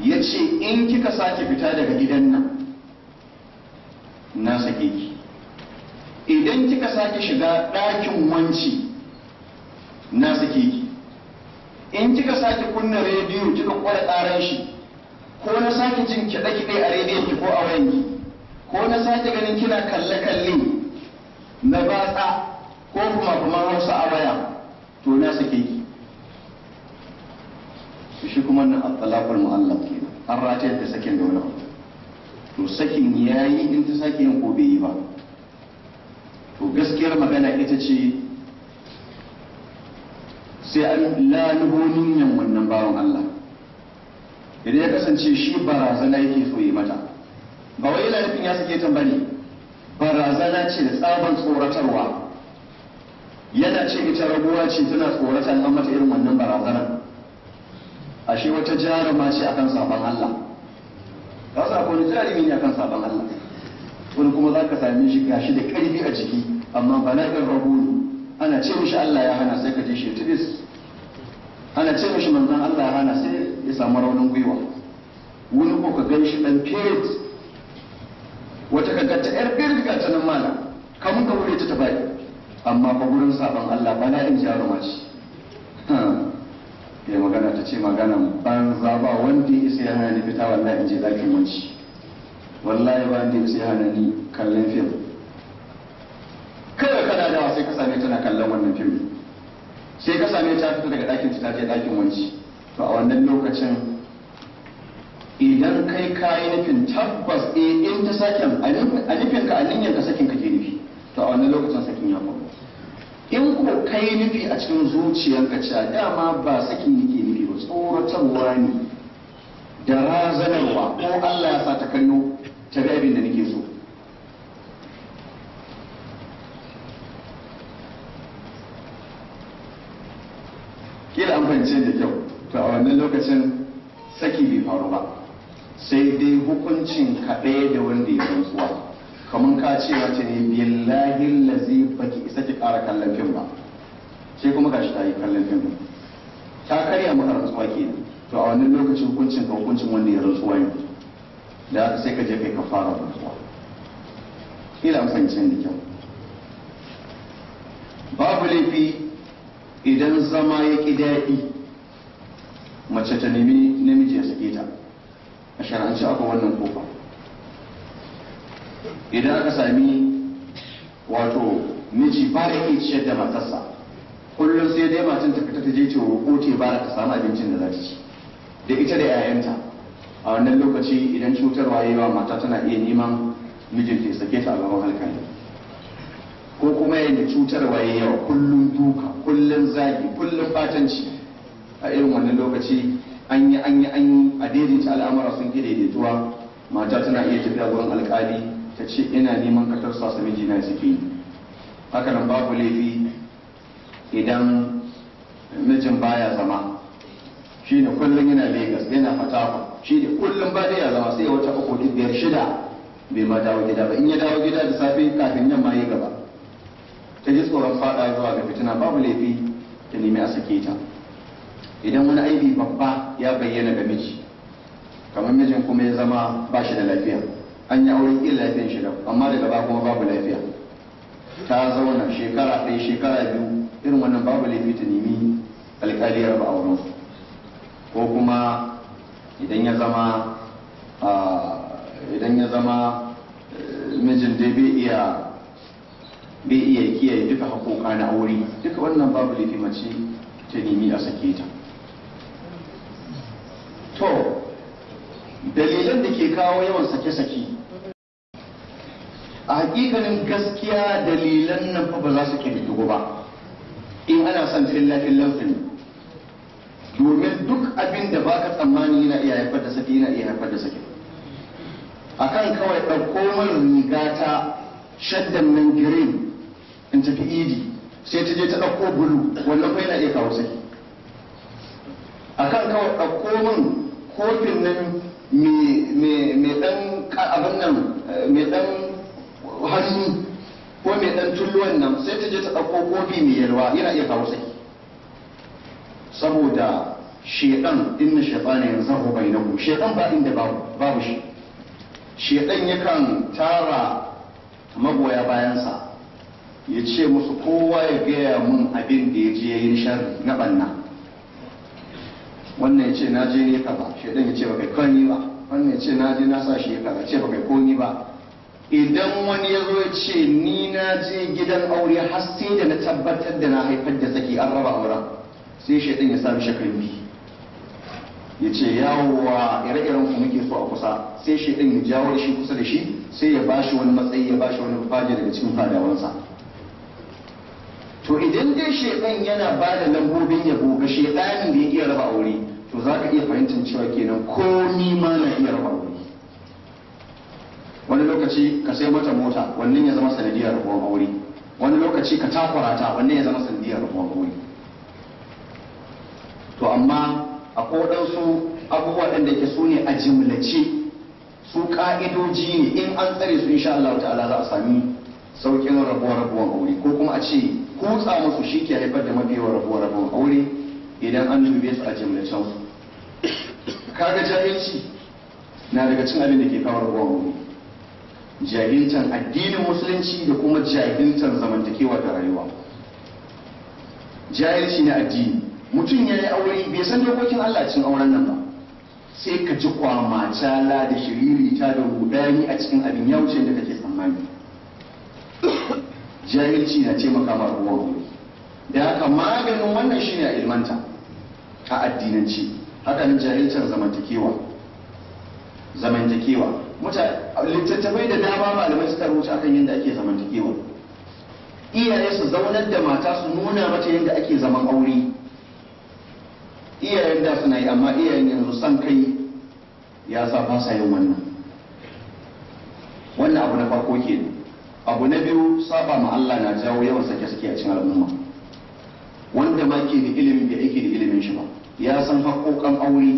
yace in kika sake fita daga gidan nan na sake ki idan kika sake shiga ɗakin wanci na sake ki in kika sake kunna rediyo kika kwada ƙaran shi ko na sake jin kiɗe-kiɗe a rediyon ki ko a wayanki ko na sake ganin kina kalle-kalle na batsa ko kuma kuma hausa a waya to na sake ki shi kuma nan a talaqul ke kenan an rata da sakin da wani to sakin ya yi in ta sake yin ko bai yi ba to gaskiyar magana ita ce sai an lalubo niyan wannan bawan Allah idan ya kasance shi barazana yake so yi mata ba wai yana nufin ya sake ta bane barazana ce da tsaban tsoratarwa yana ce ita rabuwa ce tana tsorata an mata irin wannan barazana ashe wata jaruma ce akan sabon Allah za sa ko jarumi ne akan sabon Allah wani kuma za ka same shi gashi da karfi a jiki amma bala'in rabu ana ce mishi Allah ya hana sai ka ji shi tibis ana ce mishi manzon Allah ya hana sai ya samu raunin gwiwa wani ko ka gan shi dan period wata ka ta yar period ga ta nan mala kamun ka wuri ta tabai amma fa gurin sabon Allah ba na in jaruma ce ya magana ta ce magana banza ba wanda ya sai hana ni fita wallahi in je zakin wanci wallahi ba wanda ya sai hana ni kallon fim tana kallon wannan fim sai ka same ta fita daga dakin ta je ɗakin wanci to a wannan lokacin idan kai kayi nufin tabbas e in ta sakin a nufin ka a ninyar ka sakin kake nufi to a wannan lokacin sakin ya faru in ko kai nufi a cikin zuciyarka cewa dama ba sakin yake nufi ba tsoratarwa ne da razanarwa ko Allah ya sa ta kallo ta ga abin da nake so kila an fahimce da kyau to a wannan lokacin saki bai faru ba sai dai hukuncin kaɗaya da wanda ya rantsuwa kamar ka ce wace ne billahi lazi baki isa ki ƙara kallon fim ba sai kuma shi ta yi kallon fim ta karya maka rantsuwa ke to a wannan lokacin hukuncin ka hukuncin wanda ya rantsuwa ne da sai ka je kai ka fara rantsuwa kila an fahimce da kyau babu laifi idan zama ya ƙi daɗi mace ta nemi namiji ya sake ta a shara'anci akwai wannan kofa idan aka sami wato miji ba da iya ciyar da matarsa kullum sai dai matan ta fita ta je ce roƙo ce ba ta samu abincin da za ta ci da ita da 'ya'yanta a wannan lokaci idan cutarwa yi wa mata tana iya neman mijinta ya sake ta a gaban alkali yayin da cutar ya yawa kullum duka kullum zagi kullum fatanci a irin wannan lokaci an yi an yi an yi a daidaita al'amura sun ki daidaituwa mata tana iya tafiya gurin alkali ta ce ina neman ka tarsasa mijina suke yi haka nan babu laifi idan mijin baya zama shi ne kullum yana Legas yana fatafa shi ne kullum ba da ya zama sai wata uku biyar shida bai ma dawo gida ba in ya dawo gida da safe kafin yamma ya gaba ta ji tsoron fada zuwa ga fitina babu laifi ta nemi a sake ta idan wani aibi babba ya bayyana ga miji kamar mijin kuma ya zama ba shi da lafiya an yi aure ƙin lafiyan shi amma daga ba kuma babu lafiya ta zauna shekara ɗaya shekara biyu irin wannan babu laifi ta nemi alƙali ya raba auren ko kuma idan ya zama ah, idan ya zama eh, mijin dai bai iya bai iya kiyaye duka haƙoƙa na aure duka wannan babu laifi mace ta nemi a sake ta to dalilan da ke kawo yawan sake-sake a hakikanin gaskiya dalilan nan fa ba za su kirkiru ba in ana son filla lafin domin duk abin da baka tsammani yana iya haifar da sake yana iya haifar da sake a kan kawai ɗauko mara riga ta shaddan nan girin in tafi idi sai ta je ta ɗauko bulu wannan fa yana iya kawo A kan kawo ɗauko min kofin nan mai ɗan abin nan eh, mai ɗan hannu ko mai ɗan tulluwan nan sai ta je ta ɗauko kofi mai yalwa yana iya kawo sai saboda shaidan inna shaitana yanzahu bainakum shaidan ba inda babu shi shaidan yakan tara magoya bayansa ya ce musu kowa ya gaya mun abin da ya je ya yi sharri na banna wannan ya ce na je ne kaza shaidan ya ce ba kai kani ba wannan ya ce na je na sa shi kaza ce ba kai komi ba idan wani ya zo ya ce ni na je gidan aure har sai da na tabbatar da na haifar da saki an raba auren sai shaidan ya sami shakalmi ya ce yawowa ire-iren ku muke so a kusa sai shaidan ya jawo shi kusa da shi sai ya bashi wani matsayi ya bashi wani faje daga cikin fadawansa to idan dai shedan yana ba da lambobin yabo ga shedani da ya iya raba aure to za ka iya fahimtar cewa kenan ko ma na iya raba aure wani lokaci ka sai mata mota wannan ya zama sanadiyar rabuwar aure wani lokaci ka takura ta wannan ya zama sanadiyar rabuwar aure to amma a kodansu abubuwa ɗin da ke su ne a jimlace su ka'idoji ne in an tsare su insha Allah ta'ala za a sami sauƙin rabuwar rabuwar aure ko kuma a ce kotsa musu shi ke haifar da mabiyawa rabuwa rabuwan aure idan an dube su a jimlacen su kaga jahilci na daga cin abin da ke kawar rabuwan aure jahilcin addinin musulunci da kuma jahilcin zamantakewa da rayuwa jahilci na addini mutum ya yi aure bai san dokokin Allah cin auren nan ba sai ka ji cala da shiririta da rudani a cikin abin ya wuce da kake tsammani jahilci na taimaka ma ruwan da haka maganin wannan shi ne a ilmanta a addinanci haka nan jahilcin zamantakewa zamantakewa littattafai da dama malamai suka rubuta akan yadda ake zamantakewa iyaye su zaunar da mata su nuna mata yadda ake zaman aure iyayen da suna yi amma iyayen yanzu san kai ya sa fasa yin wannan wannan abu na farko kenan abu na biyu saba ma Allah na jawo yawan sake sake a cikin al'umma wanda ma ke da ilimin da yake da ilimin shi ba ya san haƙoƙan aure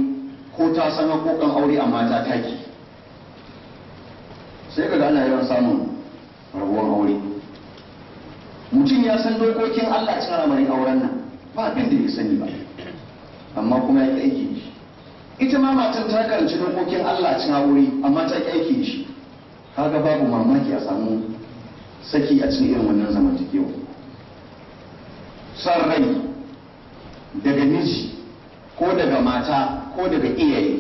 ko ta san haƙoƙan aure amma ta taki sai kaga ana yawan samun rabuwar aure mutum ya san dokokin Allah cikin ramarin auren nan ba abin da ya sani ba amma kuma ya aiki shi ita ma matan ta karanci dokokin Allah cikin aure amma ta aiki shi kaga babu mamaki a samu saki a cikin irin wannan zamantakewa san rai daga miji ko daga mata ko daga iyaye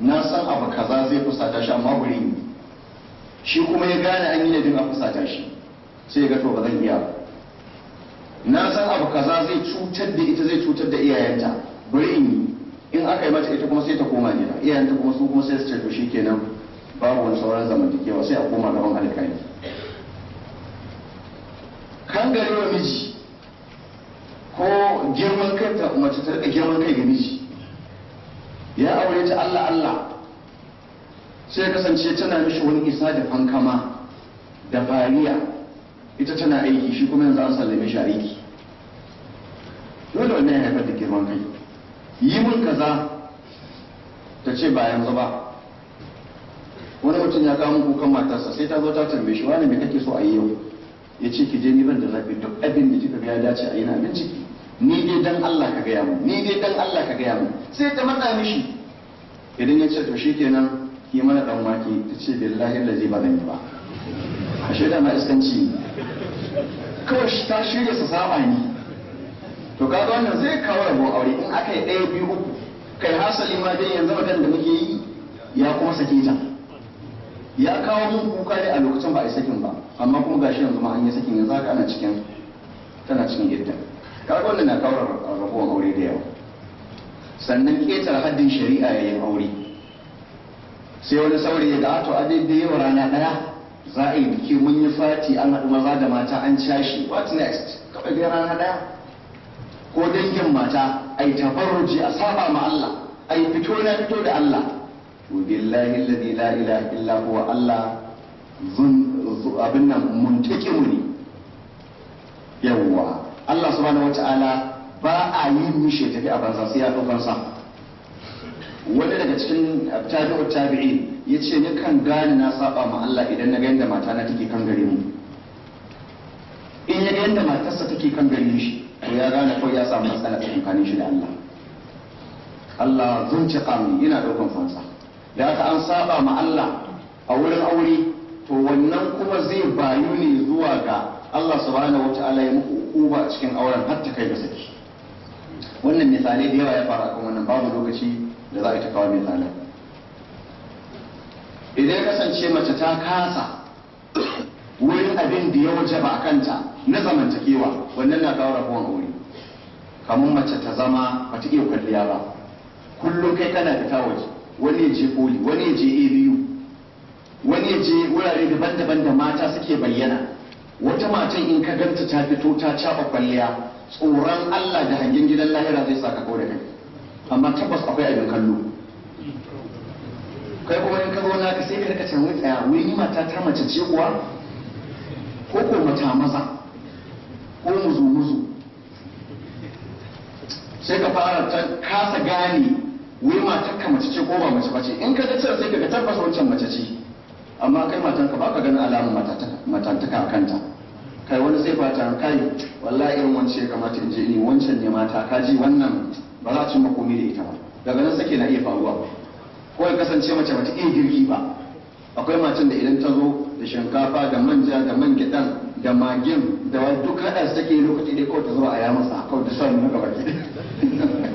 na san abu kaza zai fusata shi amma wuri ne shi kuma ya gane an yi nabin a fusata shi sai ga to ba zan iya na san abu kaza zai cutar da ita zai cutar da iyayenta wuri in yi in aka yi mata ita kuma sai ta koma gida iyayenta kuma sun kuma sai su ce to kenan babu wani sauran zamantakewa sai a koma gaban alkali kan gari wa miji ko girman kai ta mace ta rika girman kai ga miji ya aure ta Allah Allah sai kasance tana mishi wani isa da fankama da fariya ita tana aiki shi kuma yanzu an sallame shi aiki dole wannan ya haifar da girman kai yi mun kaza ta ce ba yanzu ba wani mutum ya kawo kukan matarsa sai ta zo ta tambaye shi wani me kake so a yi yau ya ce ki je ni ban da zafi duk abin da kika ga ya dace a yi na abin ciki ni dai dan Allah ka gaya mu ni dai dan Allah ka gaya mu sai ta matsa mishi idan ya ce to shi kenan ki mana dan wake ta ce billahi lazi ba zan yi ba ashe da ma iskanci kawai ta shirya su saba ni to ga wannan zai kawo rabo aure in aka yi ɗaya biyu uku kai hasali ma dai yanzu magana da muke yi ya kuma sake ta ya kawo mun kuka ne a lokacin ba a yi sakin ba amma kuma gashi yanzu ma an yi sakin yanzu haka ana cikin tana cikin yadda. kaga wannan na kawo rabuwan aure da yawa sannan ketar haddin shari'a yayin aure sai wani saurayi da to a daidai yau rana daya za a yi biki mun yi fati an haɗu maza da mata an cashe what next kawai dai rana daya ko dangin mata a yi tabarruji a saba ma Allah a yi fito na fito da Allah billahi alladhi la ilaha illa huwa Allah abin nan muntakimu ne yawwa Allah subhanahu wata'ala ba a yi mishi tafi a banza sai ya ɗaukar sa wani daga cikin tabi'u, tabi'i ya ce ni kan gane na saba ma Allah idan na ga yadda mata na take kan gare mu in ya ga yadda matarsa take kan gare shi to ya gane ko ya samu matsala tsakanin shi da Allah Allah zunci kami yana ɗaukan fansa da aka an saba ma Allah a wurin aure to wannan kuma zai bayu ne zuwa ga Allah subhanahu wataala ya muku uba cikin auren har ta kai ga saki wannan misalai da yawa ya fara kuma wannan babu lokaci da za a ta kawo misalai idan ya kasance mace ta kasa wurin abin da ya wajaba a kanta na zamantakewa wannan na kawo rabuwan aure kamar mace ta zama ba ta iya kwalliya ba kullum kai kana fita waje wani je koli wani je abu wani je wurare daban-daban da mata suke bayyana wata matan in ka ganta ta fito ta caba kwalliya tsoron Allah da hangen gidan lahira zai saka kawo da kai amma tabbas akwai abin kallo kai kuma in karo na ka sai ka rika tsaya wani mata ta mace ce kuwa ko ko mata maza ko muzu muzu sai ka fara ta kasa gane wai matar ka mace ce ko ba mace bace in ka ga cewa sai ka ga tabbas wancan mace ce amma kai matan ka baka ganin alamun matantaka a kanta kai wani zai fata kai wallahi irin wancan ya kamata in je ni wancan ne mata ka ji wannan ba za a makomi da ita ba daga nan sake na iya faruwa ko ya kasance mace ba ta iya girki ba akwai matan da idan ta zo da shinkafa da manja da man gidan da magin da duk haɗa suke lokaci dai kawai ta zo a ya masa kawai da son na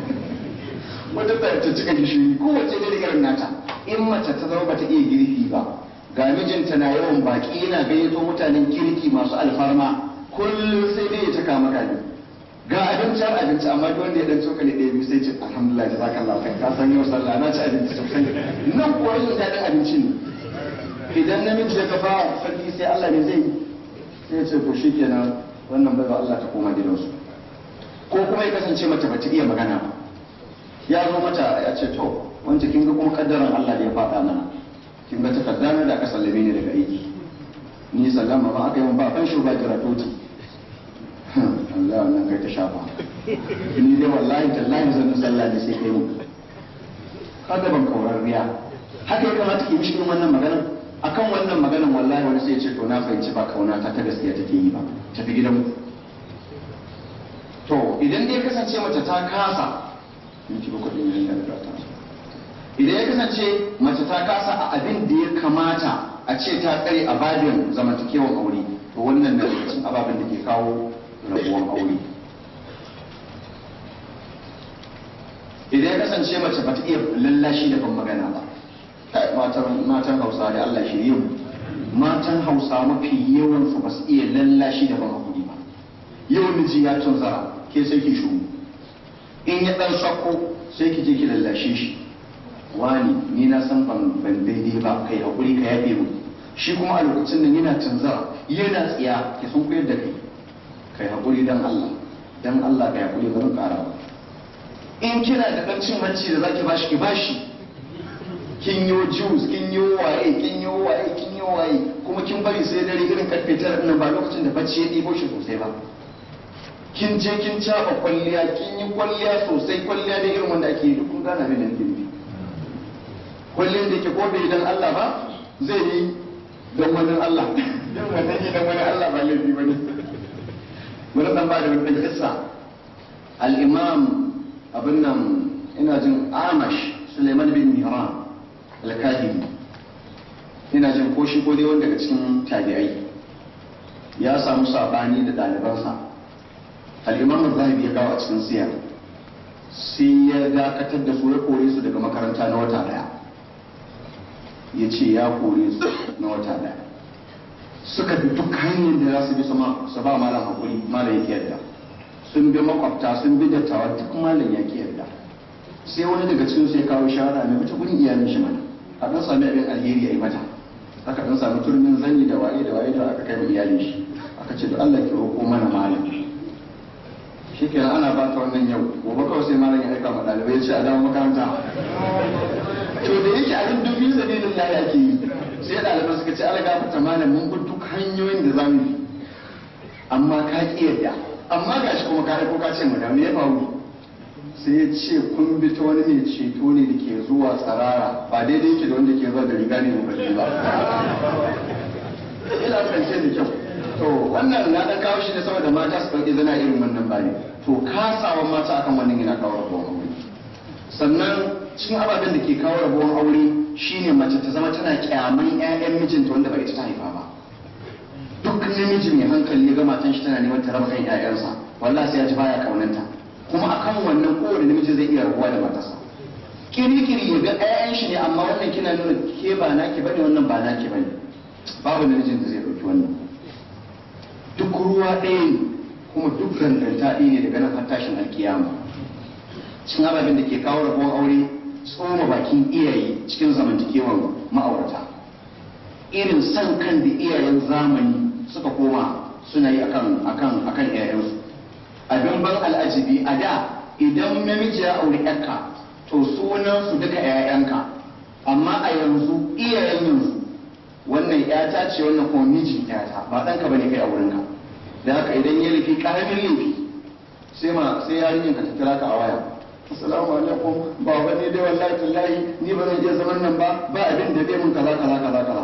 wata ta cika gishiri kowace ne da nata in mace ta zama bata iya girki ba ga mijinta na yawan baki yana gayyato mutanen kirki masu alfarma kullum sai dai ya cika maka ne ga abincin abinci amma duk wanda ya dan cokali ɗaya biyu sai ce alhamdulillah jazakallahu khair ka san yau sallah na ci abinci sosai nan kuwa rashin daɗin abinci ne idan namiji ya kafa sarki sai Allah ne zai sai ce ko shi kenan wannan baiwa Allah ta koma gidansu ko kuma ya kasance mace bata iya magana ba ya zo mata ya ce to wancan kin ga kuma kaddaran Allah da ya faɗa mana kin ga takardar da aka sallame ni daga aiki ni sallama ba aka yi ba kan shugaba ratoti Allah wannan kai ta shafa ni dai wallahi tallahi zan sallah ne sai kai mu kada ban kaurar riya haka ya kamata ki mishi wannan maganar akan wannan maganar wallahi wani sai ya ce to na fahimci ba kauna ta ta gaskiya take yi ba tafi gidan mu to idan dai kasance mace ta kasa minti bakwai ɗin yayin da idan ya kasance mace ta kasa a abin da ya kamata a ce ta tsare a babin zamantakewan aure to wannan na cikin ababen da ke kawo rabuwar aure idan ya kasance mace ba ta iya lallashi da ban magana ba matan hausa da allah shi yau matan hausa mafi yawan su ba su iya lallashi da ban hakuri ba yau miji ya canza ke sai ki shuru in ya dan sako sai ki je ki lallashe shi wani ni na san ban ban daidai ba kai hakuri ka yafe mu shi kuma a lokacin nan yana canzara yana tsiya ki sun koyar da kai kai hakuri dan Allah dan Allah kai hakuri ban ƙara ba in kina da dan cin hanci da zaki bashi ki bashi kin yo juice kin yo waye kin yo waye kin yo waye kuma kin bari sai dare irin karfe 9 nan ba lokacin da bacci ya ɗibo shi sosai ba kin je kin caba kwalliya kin yi kwalliya sosai kwalliya da irin wanda ake yi duk kun gana abin da nake kwalliyar da ke ko bai Allah ba zai yi don wani Allah don wannan yi don wani Allah ba laifi ne? Wani dan ba da wani kisa al-imam abin nan ina jin Amash Suleiman bin Mihran al ina jin ko shi ko dai wanda daga cikin tabi'ai ya samu sabani da ɗalibansa al'imam zahibi ya kawo a cikin siya sai ya dakatar da su ya kore su daga makaranta na wata daya ya ce ya kore su na wata daya suka bi duk hanyar da za su bi su ba malam hakuri malam ya yarda sun bi makwabta sun bi dattawa duk malam ya yarda sai wani daga cikin su ya kawo shahara mai mutu gurin iyalin shi mana a ɗan sami abin alheri ya yi mata aka ɗan sami turmin zanyi da waye da waye da aka kai wa iyalin shi aka ce da Allah ki roƙo mana malam shi ke ana ba wannan yau gobe kawai sai malam ya aika ma ɗalibai ya ce a dawo makaranta to da yake a duk biyu zabi da lafiya ke yi sai ɗalibai suka ce ala ta malam mun bi duk hanyoyin da za mu yi amma ka ƙi yadda amma gashi kuma ka aiko ka ce mu da ya faru sai ya ce kun bi ta wani mai ceto ne da ke zuwa tsarara ba daidai ke da wanda ke zuwa da riga ne ba ila kan ce da kyau to wannan na dan kawo shi ne da mata su ɗauki zana irin wannan bane to ka sawa mata akan wannan yana kawo rabuwar aure sannan cikin ababen da ke kawo rabuwar aure shine mace ta zama tana kyaman 'ya'yan mijinta wanda ba ita ta haifa ba duk namiji mai hankali ya ga matan shi tana neman ta raba kan 'ya'yansa wallahi sai ya ji baya kaunanta kuma akan wannan kowane namiji zai iya rabuwa da matarsa kirikiri ya ga 'ya'yan shi ne amma wannan kina nuna ke ba naki bane wannan ba naki bane babu namijin da zai ɗauki wannan duk ruwa ɗaya ne kuma duk danganta ɗaya ne daga nan har tashin alkiyama cin ababen da ke kawo rabuwar aure tsoma bakin iyaye cikin zamantakewar ma'aurata irin san kan da iyayen zamani suka koma suna yi akan akan akan abin ban al'ajibi a da idan namiji ya auri yarka to sunan su duka yayanka amma a yanzu iyayen yanzu wannan yata ce wannan kuma mijin yata ba ɗanka bane kai a wurinka da haka idan ya laifi karamin laifi sai ma sai ya yi ta kira ka a waya assalamu alaikum ba ne dai wallahi tallahi ni ba zan iya zaman nan ba ba abin da zai mun kaza kaza kaza kaza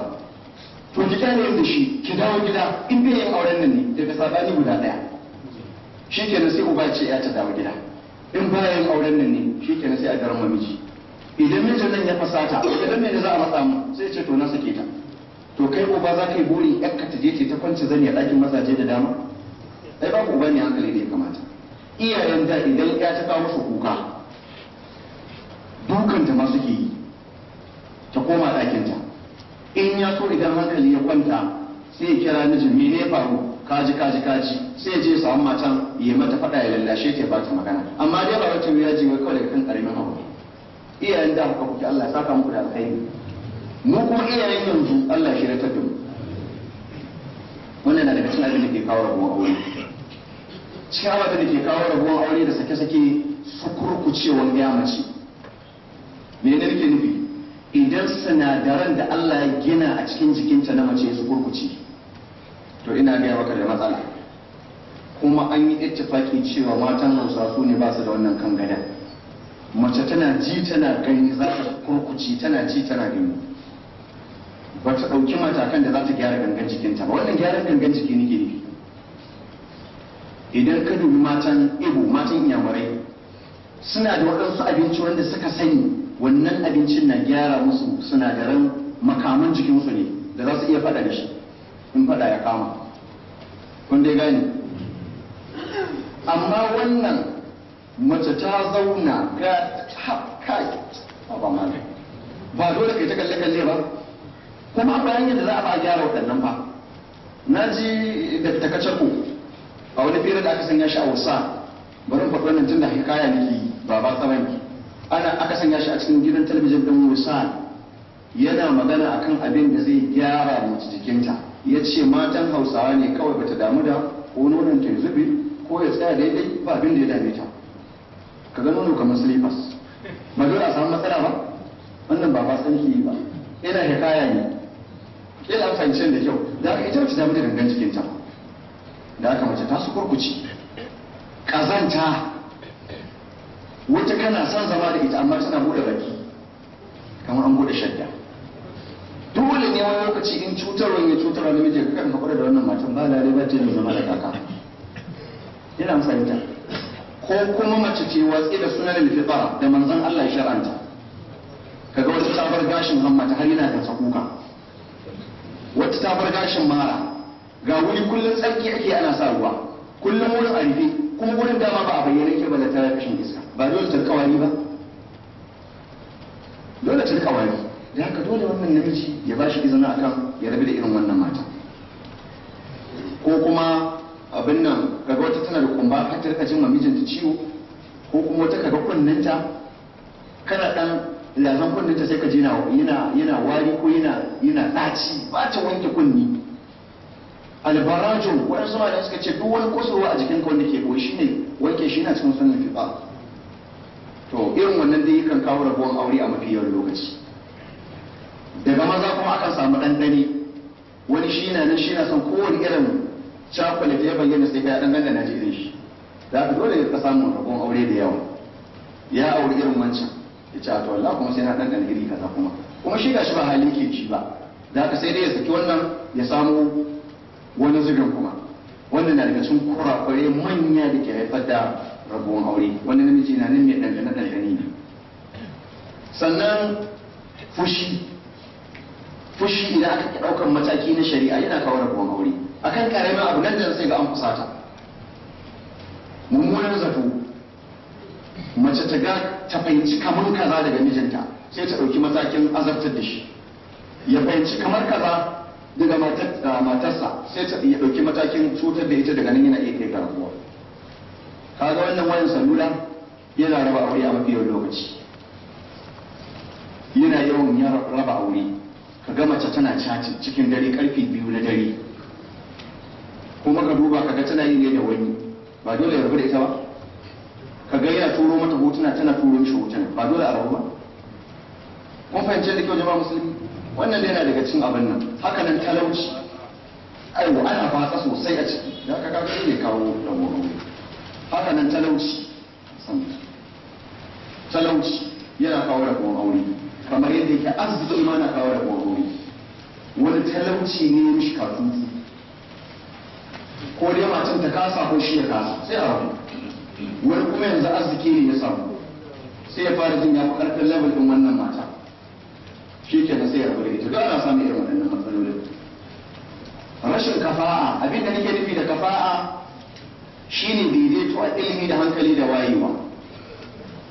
to ki kyale da shi ki dawo gida in bai yin auren nan ne daga sabani guda daya shikenan sai uba ce ya ta dawo gida in ba yin auren nan ne shikenan sai a garin mamiji idan mijin nan ya fasata idan ne za a matsa mu sai ce to na sake ta to kai uba za ka yi burin yakka ta je ta kwance zan ya ɗakin mazaje da dama ai ba ku bane hankali da ya kamata iyayen da idan ya ta kawo su kuka dukanta ma suke yi ta koma ɗakinta in ya so idan hankali ya kwanta sai ya kira mijin mene ya faru kaji kaji kaji sai je samu matan ya mata fada ya lallashe ta ba ta magana amma dai ba wacce ya ji kawai daga kan ƙaramin hawa iyayen da haka kuke Allah sa saka muku da alkhairi mu kuma iyayen yanzu Allah ya ratar da mu wannan na daga cikin abin da ke kawo rabuwa wani. cikin abata da ke kawo rabuwan aure da sake-sake su kurkucewan ya mace me ne nake nufi idan sinadaran da Allah ya gina a cikin jikinta na mace su kurkuce to ina gaya maka da matsala kuma an yi ittifaki cewa matan hausa su ne ba su da wannan kan gada mace tana ji tana gani za ta kurkuce, tana ji tana gani ba ta ɗauki matakan da za ta gyara gangan jikinta ba wannan gyaran gangan jiki nake nufi idan ka dubi matan ibo matan inyamurai suna da waɗansu abinci wanda suka sani wannan abincin na gyara musu sinadaran makaman jikinsu ne da za su iya faɗa da shi in faɗa ya kama kun dai gani amma wannan mace ta zauna ga hakai ba ma dole kai ta kalle kalle ba kuma bayan yadda za a ba gyara waɗannan ba na ji da takacako a wani fira da aka sanya shi a wasa bari faɗi wannan tun da hikaya nake ba ba ta bane ana aka sanya shi a cikin gidan talabijin ɗin wasa yana magana akan abin da zai gyara mace jikinta ya ce matan hausawa ne kawai bata damu da ko nonon ta zube ko ya tsaya daidai ba abin da ya dame ta ka ga nono kamar slippers ba dole a samu matsala ba wannan ba ba sanki ba yana hikaya ne Ina an fahimci da kyau da aka ita ta damu da gangan jikinta da aka mace ta su kurkuci Ƙazanta. wata kana son zama da ita amma tana buɗe baki kamar an buɗe shadda dole ne wani lokaci in cutarwa ya cutarwa namiji ka kan haƙura da wannan matan ba lalai ba ta yi zama da kaka yana musayinta ko kuma mace ce watsi da sunan fara, da manzan Allah ya shar'anta kaga wata ta bar gashin hammata har yana da sakuka wata ta bar gashin mara ga wuri kullum tsarki ake ana sa ruwa kullum wurin a rufe kuma wurin dama ba a bayyana ke ba da tara kashin iska ba dole ta kawari ba dole ta kawari da haka dole wannan namiji ya ba shi a akan ya rabu da irin wannan mata ko kuma abin nan kaga wata tana da kumba har ta rika jin mijinta ciwo ko kuma wata kaga kunnanta kana dan lazan kunnanta sai ka ji yana yana wari ko yana yana ɗaci ba ta wanke kunni albaraju waɗansu da suka ce duk wani kusurwa a jikin wanda ke boye shine wanke shi na cikin sunan fiqa to irin wannan dai kan kawo rabuwan aure a mafi yawan lokaci daga maza kuma akan samu ɗanɗani wani shi na nan shi na son kowane irin cakwale da ya bayyana sai ya ɗanɗan da na ji irin shi za ka dole ka samu rabuwan aure da yawa ya auri irin wancan ya ce to Allah kuma sai na ɗanɗan iri kaza kuma kuma shi ga shi ba halin ke ci ba Da ka sai dai ya saki wannan ya samu wani zubin kuma wannan na daga cikin kurakure manya da ke haifar da rabuwan aure wani namiji na nan mai ɗanɗana ɗanɗani ne sannan fushi fushi idan aka ki ɗaukar mataki na shari'a yana kawo rabuwan aure akan karamin abu nan da sai ga an fusata mummunan zato mace ta ga ta fahimci kamar kaza daga mijinta sai ta ɗauki matakin azabtar da shi ya fahimci kamar kaza daga matarsa sai ta iya ɗauki matakin cutar da ita daga nan yana iya kai garkuwa kaga wannan wayan salula yana raba aure a mafi yawan lokaci yana yawan ya raba aure ka ga mace tana caci cikin dare karfe biyu na dare kuma ka duba ka ga tana yi ne da wani ba dole ya rabu da ita ba ka ga yana turo mata hotuna tana turo mishi hotuna ba dole a rabu ba kun fahimci da kyau jama'a musulmi wannan yana daga cin abin nan haka nan talauci aiwa ana fasa sosai a ciki da aka kafa ne kawo da wuri haka nan talauci talauci yana kawo da aure kamar yadda yake arziki ma na kawo da aure wani talauci ne ya mishi kafin ko dai matan ta kasa ko shi ya kasa sai a rabu wani kuma yanzu arziki ne ya samu sai ya fara jin ya fi karfin level din wannan mata shi ke na sai abu da ita duk ana irin waɗannan matsalolin rashin kafa'a abinda nake nufi da kafa'a shine daidaito a ilimi da hankali da wayewa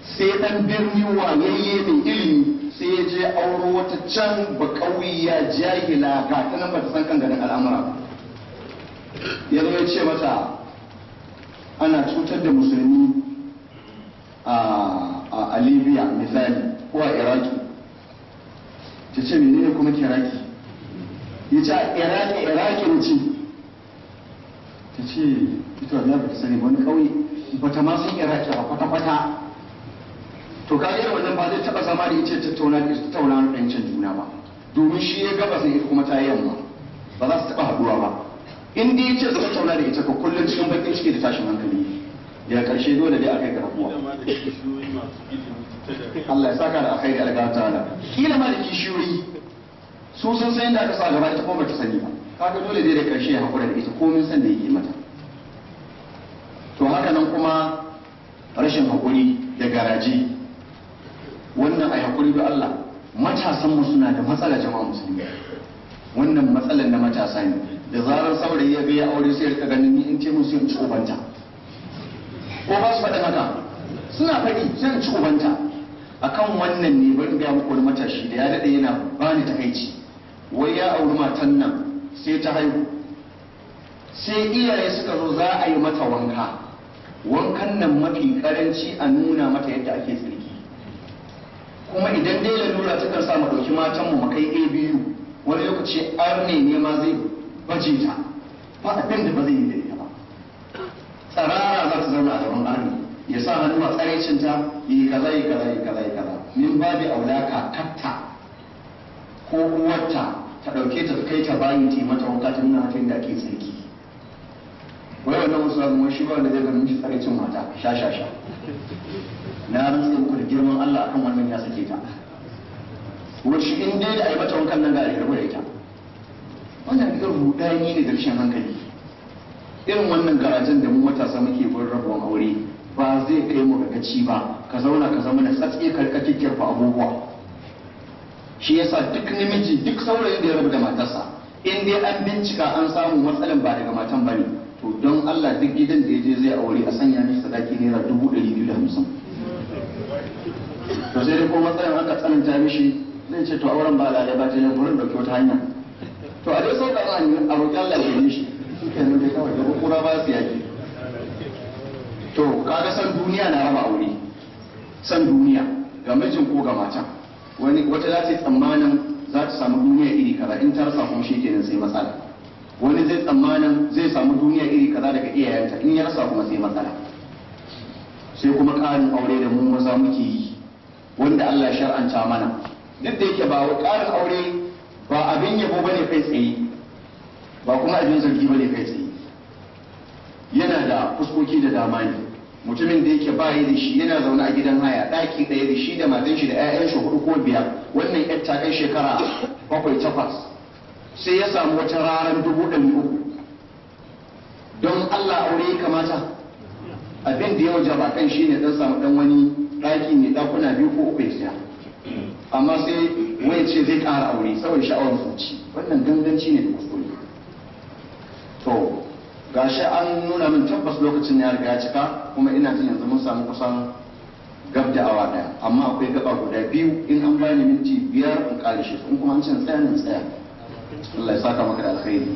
sai dan birni wayayye mai ilimi sai ya je auro wata can ba kauya jahila ga ta nan ba ta san kan ganin al'amura ba ya ya ce mata ana cutar da musulmi a libya misali ko a iraki ta ce menene kuma kiraki ya ce a iraki iraki na ce ta ce ita ya ba ta sani wani ƙauye ba ta ma san iraki ba kwata-kwata to ka yi wannan ba zai taɓa zama da ita tattauna da tattauna da ɗancin juna ba domin shi ya gaba sai ita kuma ta yi yamma ba za su taɓa haɗuwa ba in dai ya ce zama tattauna da ita ka kullum cikin bakin ciki da tashin hankali ya ƙarshe dole dai a kai ga rabuwa Allah ya saka da alkhairi alkhairi da kila ma da kishiyoyi su sun san yadda aka sa gaba ita kuma bata sani ba kaga dole dai da karshe ya haƙura da ita komai san da yake mata to haka nan kuma rashin hakuri da garaji wannan a hakuri da Allah matasan mu suna da matsala jama'a musulmi wannan matsalar na matasa ne da zarar saurayi ya ga ya aure sai ya ganin ni in ce mun sai in ci ubanta ko ba su faɗin haka suna faɗi sai in ci ubanta akan wannan ne bari ga muku wani matashi da ya daɗe yana bani takaici wai ya auri matan nan sai ta haihu sai iyaye suka zo za a yi mata wanka wankan nan mafi karanci a nuna mata yadda ake tsirki kuma idan dai lalura ta karsa sa mu ɗauki matan mu kai a biyu wani lokaci ar ne ne ma zai baje ta ba abin da ba zai yi da ita ba tsarara za ta zauna a gaban arne ya sa hannu a tsaraicin yi kaza yi kaza yi kaza min babi aulaka kakarta ko uwarta ta ɗauke ta kai ta bayin ta mata wanka ta nuna da inda ake tsarki wai wannan wasu zamu shi ba wanda zai ganin shi tsare cin mata sha sha sha na rantsa muku da girman Allah akan wannan ya sake ta wacce in dai da ai mata wankan nan ga alƙarbu da ita wannan irin rudani ne da rashin hankali irin wannan garajen da mu matasa muke bin rabuwan aure ba zai kai mu ga ci ba ka zauna ka zama da tsatsi karka kikkirfa abubuwa shi yasa duk namiji duk saurayin da ya rabu da matarsa in dai an bincika an samu matsalan ba daga matan ba ne to don Allah duk gidan da ya je zai aure a sanya mishi sadaki naira dubu ɗari biyu da hamsin to sai dai ko matsalan aka tsananta mishi zai ce to auren ba lalai ba ta gurin da kyauta hanya to a dai sauka a ne a roƙi Allah ya mishi kenan dai kawai da kura ba su yaki to kaga san duniya na raba aure san duniya ga mijin ko ga matan wani wata za ta yi tsammanin za ta samu duniya iri kaza in ta rasa kuma shikenan sai matsala wani zai tsammanin zai samu duniya iri kaza daga iyayenta in ya rasa kuma sai matsala sai kuma ƙarin aure da mu maza muke yi wanda Allah ya shar'anta mana duk da yake ba ƙarin aure ba abin yabo bane kai tsaye ba kuma abin zargi bane kai tsaye yana da fuskoki da dama ne mutumin da yake ba yi da shi yana zaune a gidan haya ɗaki ɗaya da shi da matan shi da 'ya'yan shi hudu ko biyar wannan yar ta kai shekara bakwai takwas sai ya samu wata raran dubu ɗari uku don Allah aure ya kamata abin da ya kan shi ne don samu ɗan wani ɗaki ne ɗakuna biyu ko uku ya amma sai wai ce zai ƙara aure saboda sha'awar zuci wannan ganganci ne da kuskure to gashi an nuna min tabbas lokacin ya riga ya cika kuma ina jin yanzu mun samu kusan gab da awa daya amma akwai gaba guda biyu in an bani minti biyar in kare shi in kuma an ce tsaya nan tsaya Allah ya saka maka da alkhairi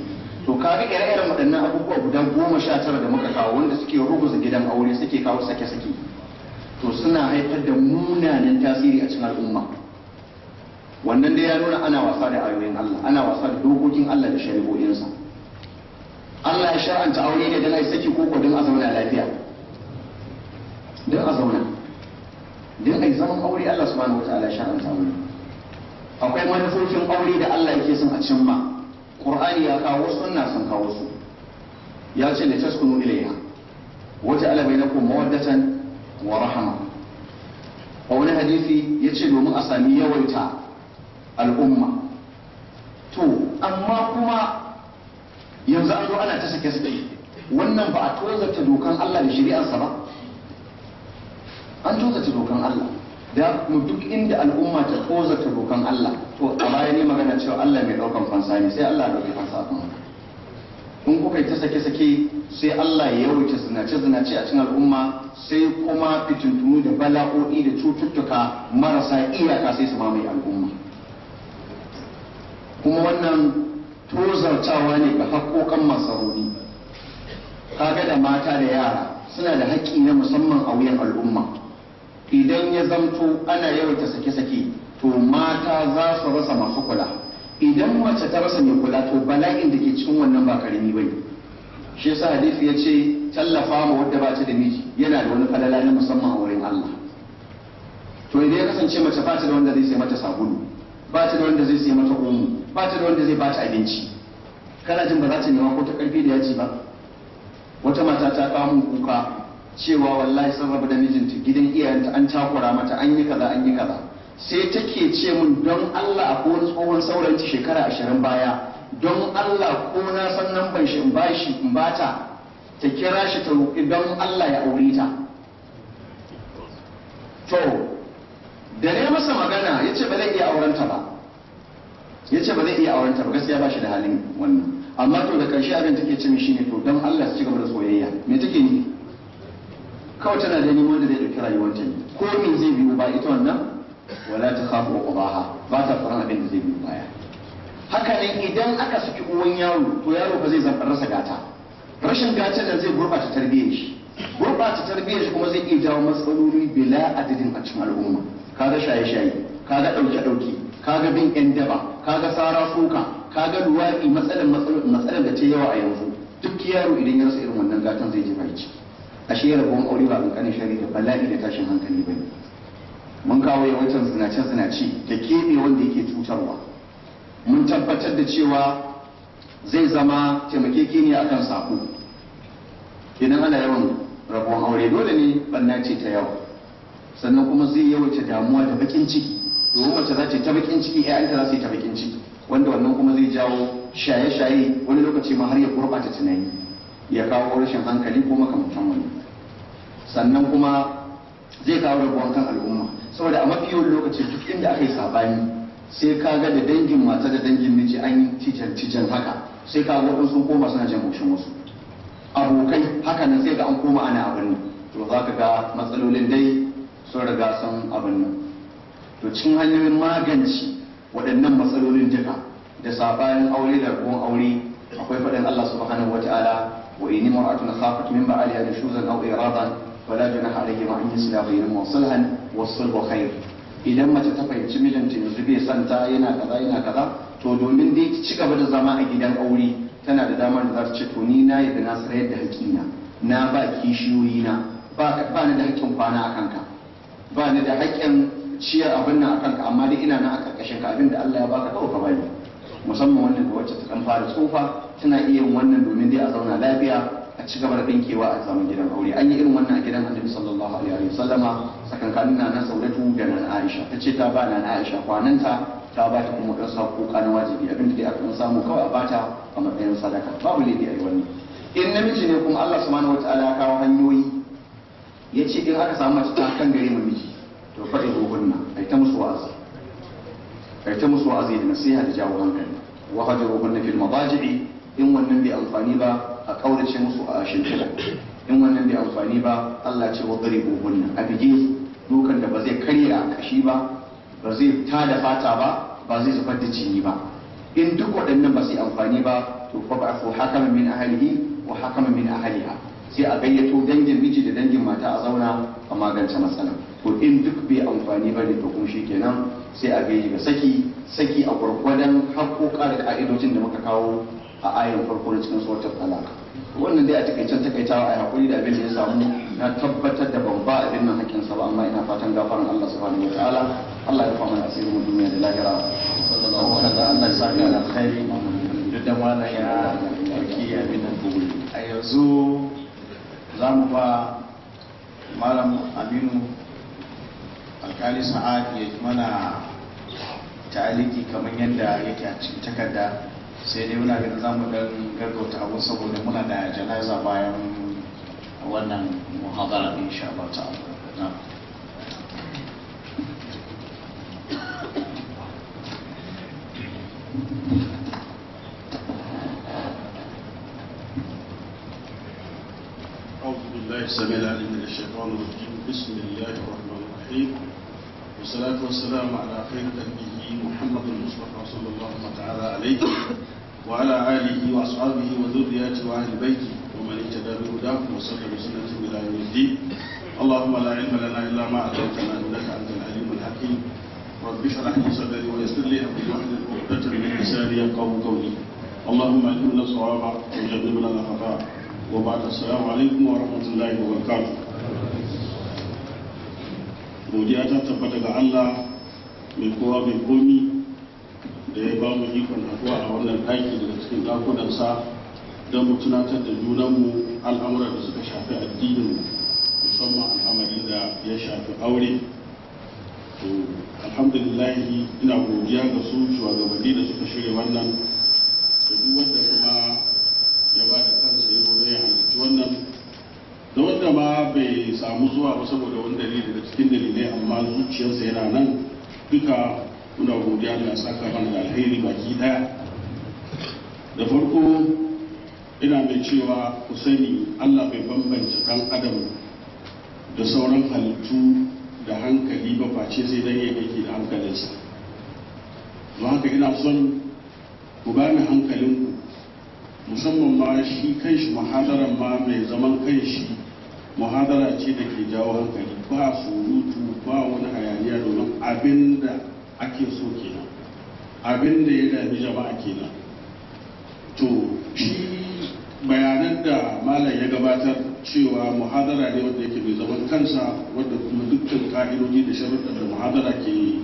to ka ga ire-iren waɗannan abubuwa guda goma sha tara da muka kawo wanda suke ruguza gidan aure suke kawo sake-sake to suna haifar da munanan tasiri a cikin al'umma wannan dai ya nuna ana wasa da ayoyin Allah ana wasa da dokokin Allah da shari'o'insa Allah ya shar'anta aure ne don a saki koko don a zauna lafiya don a zauna don a yi zaman aure Allah subhanahu ya shar'anta aure akwai manufofin aure da Allah yake son a cimma Qur'ani ya kawo na sun kawo su ya ce da taskunu ilayha wata na kuma mawaddatan wa rahama a wani hadisi ya ce domin a sami yawaita al'umma to amma kuma yanzu an zo ana ta sake su ɗai wannan ba a tozarta dokan Allah da shari'arsa ba an tozarta dokan Allah da mu duk inda al'umma ta tozarta dokan Allah to a baya ne magana cewa Allah mai ɗaukan fansa ne sai Allah ɗauki fansa kuma in kuka yi ta sake-sake sai Allah ya yawaita zinace-zinace a cikin al'umma sai kuma fitintunu da bala'o'i da cututtuka marasa iyaka sai su mamaye al'umma kuma wannan tozartawa ne ga haƙoƙan masu rauni kaga da mata da yara suna da haƙƙi na musamman a wuyan al'umma idan ya zamto ana yawaita sake-sake to mata za su rasa masu kula idan mace ta rasa mai kula to bala'in da ke cikin wannan ba karami bane shi yasa hadisi ya ce tallafa ma wadda ba ta da miji yana da wani falala na musamman a wurin Allah to idan ya kasance mace ba ta da wanda zai sai mata sabulu ba ta da wanda zai sai mata omo ba ta da wanda zai ba ta abinci kana jin ba za ta nema ko ta karfi da yaji ba wata mata ta kamun kuka cewa wallahi sun rabu da mijinta gidan iyayenta an takura mata an yi kaza an yi kaza sai take ce min don Allah a wani tsohon saurayinta shekara ashirin baya don Allah ko na san nan ban shi ba shi in ba ta ta kira shi ta roƙi don Allah ya aure ta to da ne masa magana ya ce ba zai iya aurenta ba ya ce ba zai iya auren ta ba gaskiya ba shi da halin wannan amma to da karshe abin take ce shi ne to don Allah su ci gaba da soyayya me take ni kawai tana da neman da zai dauki rayuwarta ta ko me zai biyo ba ita wannan wala ta khafu ubaha ba ta tsoron abin da zai biyo baya haka ne idan aka saki uwan yaro to yaro ba zai zama rasa gata rashin gata da zai gurbata tarbiyyar shi gurbata tarbiyyar shi kuma zai iya jawo matsaloli bila adadin a cikin al'umma kaga shaye-shaye kaga dauke-dauke kaga bin yan daba kaga sara tsoka kaga luwaɗi matsalar matsalar da ce yawa a yanzu duk yaro idan ya rasa irin wannan gatan zai ji maici ashe rabon aure ba kankanin shari da bala'i da tashin hankali ne. mun kawo yawancin zinace zinace da keɓe wanda yake cutarwa mun tabbatar da cewa zai zama taimakekeniya akan sako Idan ana yawan rabon aure dole ne banna ce ta yawa sannan kuma zai yawace damuwa da bakin ciki domin mace za ta ta bakin ciki ƴaƴanta za su yi ta bakin ciki wanda wannan kuma zai jawo shaye-shaye wani lokaci ma har ya gurɓata tunani ya kawo rashin hankali ko makamantan wani sannan kuma zai kawo rabuwan kan al'umma saboda a mafi yawan lokaci duk inda aka yi sabani sai ka ga da dangin mata da dangin miji an yi tijan haka sai ka ga waɗansu koma suna jan haushin wasu abokai haka nan sai ga an koma ana abin to za ka ga matsalolin dai sun riga sun abin nan to cikin hanyoyin magance waɗannan matsalolin duka da sabanin aure da rabuwan aure akwai faɗin Allah subhanahu wata'ala wa inni mar'atun khafat min ba'aliha nushuzan aw iradan fala junaha alayhi ma an yusla bainahuma sulhan wa sulhu khair idan mace ta fahimci mijinta yanzu bai santa yana kaza yana kaza to domin dai ci gaba da zama a gidan aure tana da damar da za ta ce to ni na da na sarayar da haƙina na ba na. ba ni da hakkin kwana a kanka ba ni da hakkin. ciyar abin nan akan amma dai ina nan a karkashin ka abin da Allah ya baka kawai ka bani musamman wannan da wacce ta dan fara tsufa tana iya yin wannan domin dai a zauna lafiya a ci gaba da dinkewa a zaman gidan aure an yi irin wannan a gidan Annabi sallallahu alaihi wa sallama sakankanin na Saudatu da nan Aisha tace ta ba nan Aisha kwananta ta ba ta kuma dan sako na wajibi abin da dai aka samu kawai a bata a matsayin sadaka babu laifi a yi wannan in namiji ne kuma Allah subhanahu wataala ya kawo hanyoyi yace in aka samu mace ta kan gare mu miji to fadin ruhunna ai ta musu wa'azi ai ta musu wa'azi da nasiha da jawo hankali wa hajaruhunna fil madaji'i in wannan bai amfani ba a ƙaurace musu a shimfiɗa in wannan bai amfani ba Allah ce wa gari gobunan a bige dukan da ba zai karya kashi ba ba zai tada fata ba ba zai zubar da jini ba in duk waɗannan ba su amfani ba to fa ba ko hakaman min ahlihi wa hakaman min ahliha sai a gayyato dangin miji da dangin mata a zauna a magance matsalar kuɗin duk bai amfani ba da kuma shi kenan sai a gaji ga saki saki a gwargwadon haƙoƙa da ƙa'idojin da muka kawo a ayin farko na cikin tsotar alaƙa. wannan dai a takaicen takaitawa a haƙuri da abin da ya samu na tabbatar da ban ba abin nan hakkin sa ba amma ina fatan gafaran Allah subhanahu Allah ya fama mana asirin mu duniya da lahira sallallahu alaihi wa Allah ya sa ya abin nan a yanzu za mu ba malam Aminu alkali sa'ad ya mana taliki kamar yadda yake a cikin takarda sai dai muna ganin za mu dan gaggauta abu saboda muna da janaza bayan wannan muhadara insha Allah ta'ala أعوذ بالله السميع العليم من الشيطان الرجيم بسم الله الرحمن الرحيم والصلاة والسلام على خير خلقه محمد المصطفى صلى الله تعالى عليه وعلى آله وأصحابه وذرياته وأهل بيته ومن اهتدى بهداه وصلى بسنته إلى يوم الدين اللهم لا علم لنا إلا ما علمتنا إنك أنت العليم الحكيم رب اشرح لي صدري ويسر لي أمري واحلل عقدة من لساني يفقهوا قولي اللهم ألهمنا الصواب وجنبنا الخطأ وبعد السلام عليكم ورحمة الله وبركاته godiya ta tabbata ga Allah mai kowa mai komi da ya ba mu ikon haɗuwa a wannan ɗaki daga cikin ɗakunansa don mu tunatar da junanmu al'amuran da suka shafi addinin musamman al'amarin da ya shafi aure to alhamdulillahi ina godiya ga su shugabanni da suka shirya wannan da duk wanda kuma ya ba wanda ma bai samu zuwa ba saboda wani dalili da cikin dalilai amma zuciyarsa yana nan duka muna godiya da saka mana da alheri baki daya da farko ina mai cewa ku sani Allah bai bambance dan adam da sauran halittu da hankali ba face sai dan yake aiki da hankalinsa don haka ina son ku bani hankalinku musamman ma shi kanshi mahadaran ma mai zaman kanshi muhadara ce da ke jawo hankali ba surutu ba wani hayaniya domin abin da ake so kenan abin da ya dami jama'a kenan to shi bayanan da malam ya gabatar cewa muhadara ne wanda yake mai zaman kansa wadda kuma dukkan ka'idoji da sharuɗa da muhadara ke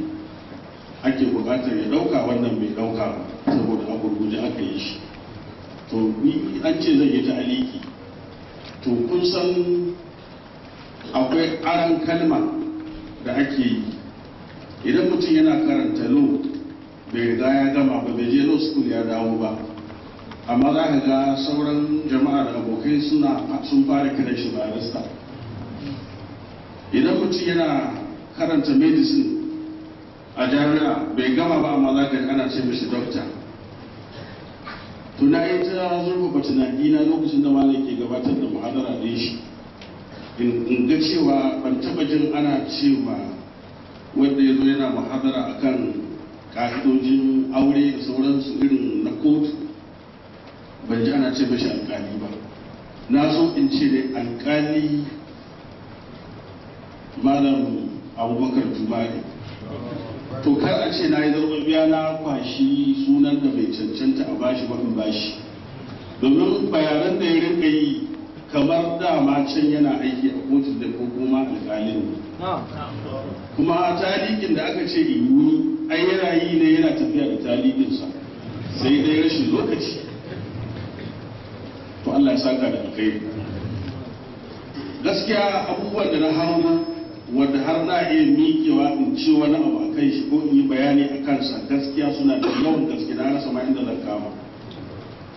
ake buƙatar ya ɗauka wannan bai ɗauka saboda a gurguje aka yi shi to ni an ce zai yi ta aliki to kun san akwai aran kalma da ake yi idan mutum yana karanta lo bai riga ya gama ba bai je law school ya dawo ba amma za ka ga sauran jama'a da abokai suna sun fara kare shi barista idan mutum yana karanta medicine a jami'a bai gama ba amma za ka ana ce mishi doctor to na yi ta zurfa tunani na lokacin da malam ke gabatar da muhadara da shi in ga cewa ban taba jin ana cewa wanda ya zo yana muhadara akan ka'idojin aure da sauransu irin na kotu ban ji ana ce mashi alkali ba na so in ce ne alkali malam abubakar jumari to kar a ce na yi zarbabiya na kwashi sunan da bai cancanta a bashi ba in bashi domin bayanan da ya rinka yi kamar dama can yana aiki a kotun da ko kuma alƙalin kuma talikin da aka ce yi ai yana yi ne yana tafiya da talikinsa sai dai rashin lokaci to Allah ya saka da kai. gaskiya abubuwan da na hau wanda har na iya miƙewa in ce wani abu a kan shi ko in yi bayani a kansa gaskiya suna da yawan gaske na rasa ma'in da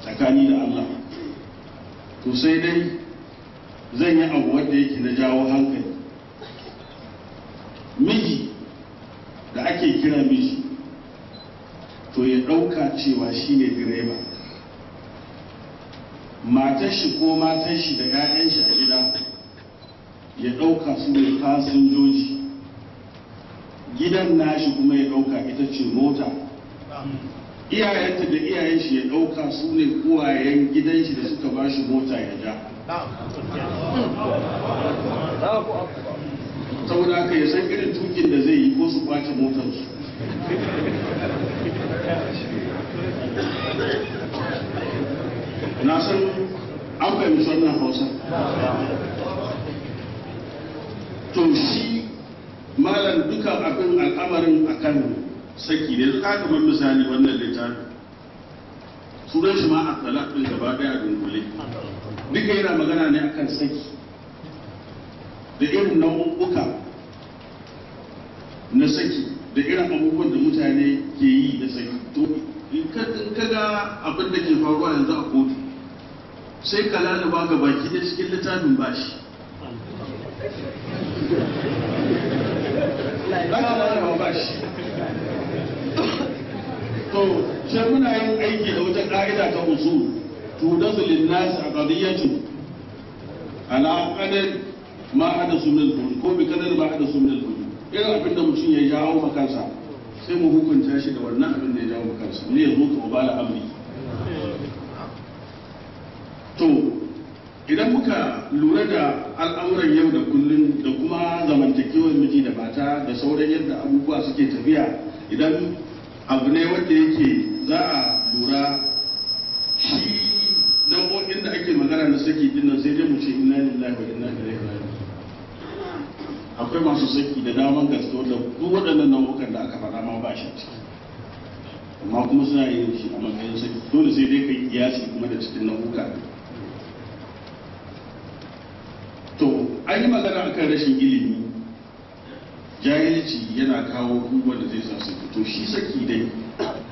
tsakani da Allah to sai dai zan yi abu wanda yake na jawo hankali miji da ake kira miji to ya ɗauka cewa shi ne direba matar shi ko matar shi da 'ya'yan shi a gida ya ɗauka su ne fasinjoji gidan nashi kuma ya ɗauka ita ce mota iyayenta da iyayen shi ya ɗauka su ne kuwayen gidan shi da suka ba shi mota ya ja saboda haka ya san irin tukin da zai yi ko su kwace motarsu na san an fahimci wannan hausa to shi malam duka abin al'amarin a kan saki ne za kamar misali wannan littafi sunan shi ma a talak gaba daya a dunkule duka yana magana ne akan saki da irin nau'uka na saki da irin abubuwan da mutane ke yi da saki to in ka ga abin da ke faruwa yanzu a kotu sai ka lalaba ga baki da cikin littafin bashi haka ba da shi to sai muna yin aiki da wata ka'ida ta usul tudasu linnas a qadiyati ala qadar ma hadasu min al ko bi qadar ma hadasu min al irin abin da mutum ya jawo makansa sai mu hukunta shi da wannan abin da ya jawo makansa ne ya zo ka bala amri to idan muka lura da al'amuran yau da kullum da kuma zamantakewar miji da mata da sauran yadda abubuwa suke tafiya idan abu ne wanda yake za a lura shi nau'o'in da ake magana na saki nan sai dai mu ce inna lillahi wa inna ilaihi raji'un akwai masu saki da daman gaske wanda duk waɗannan nau'ukan da aka faɗa ma ba shi ciki amma kuma suna yin shi a matsayin saki dole sai dai kai iyasi kuma da cikin nau'uka an yi magana a kan rashin ilimi jahilci yana kawo kuma da zai sa su fito shi saki dai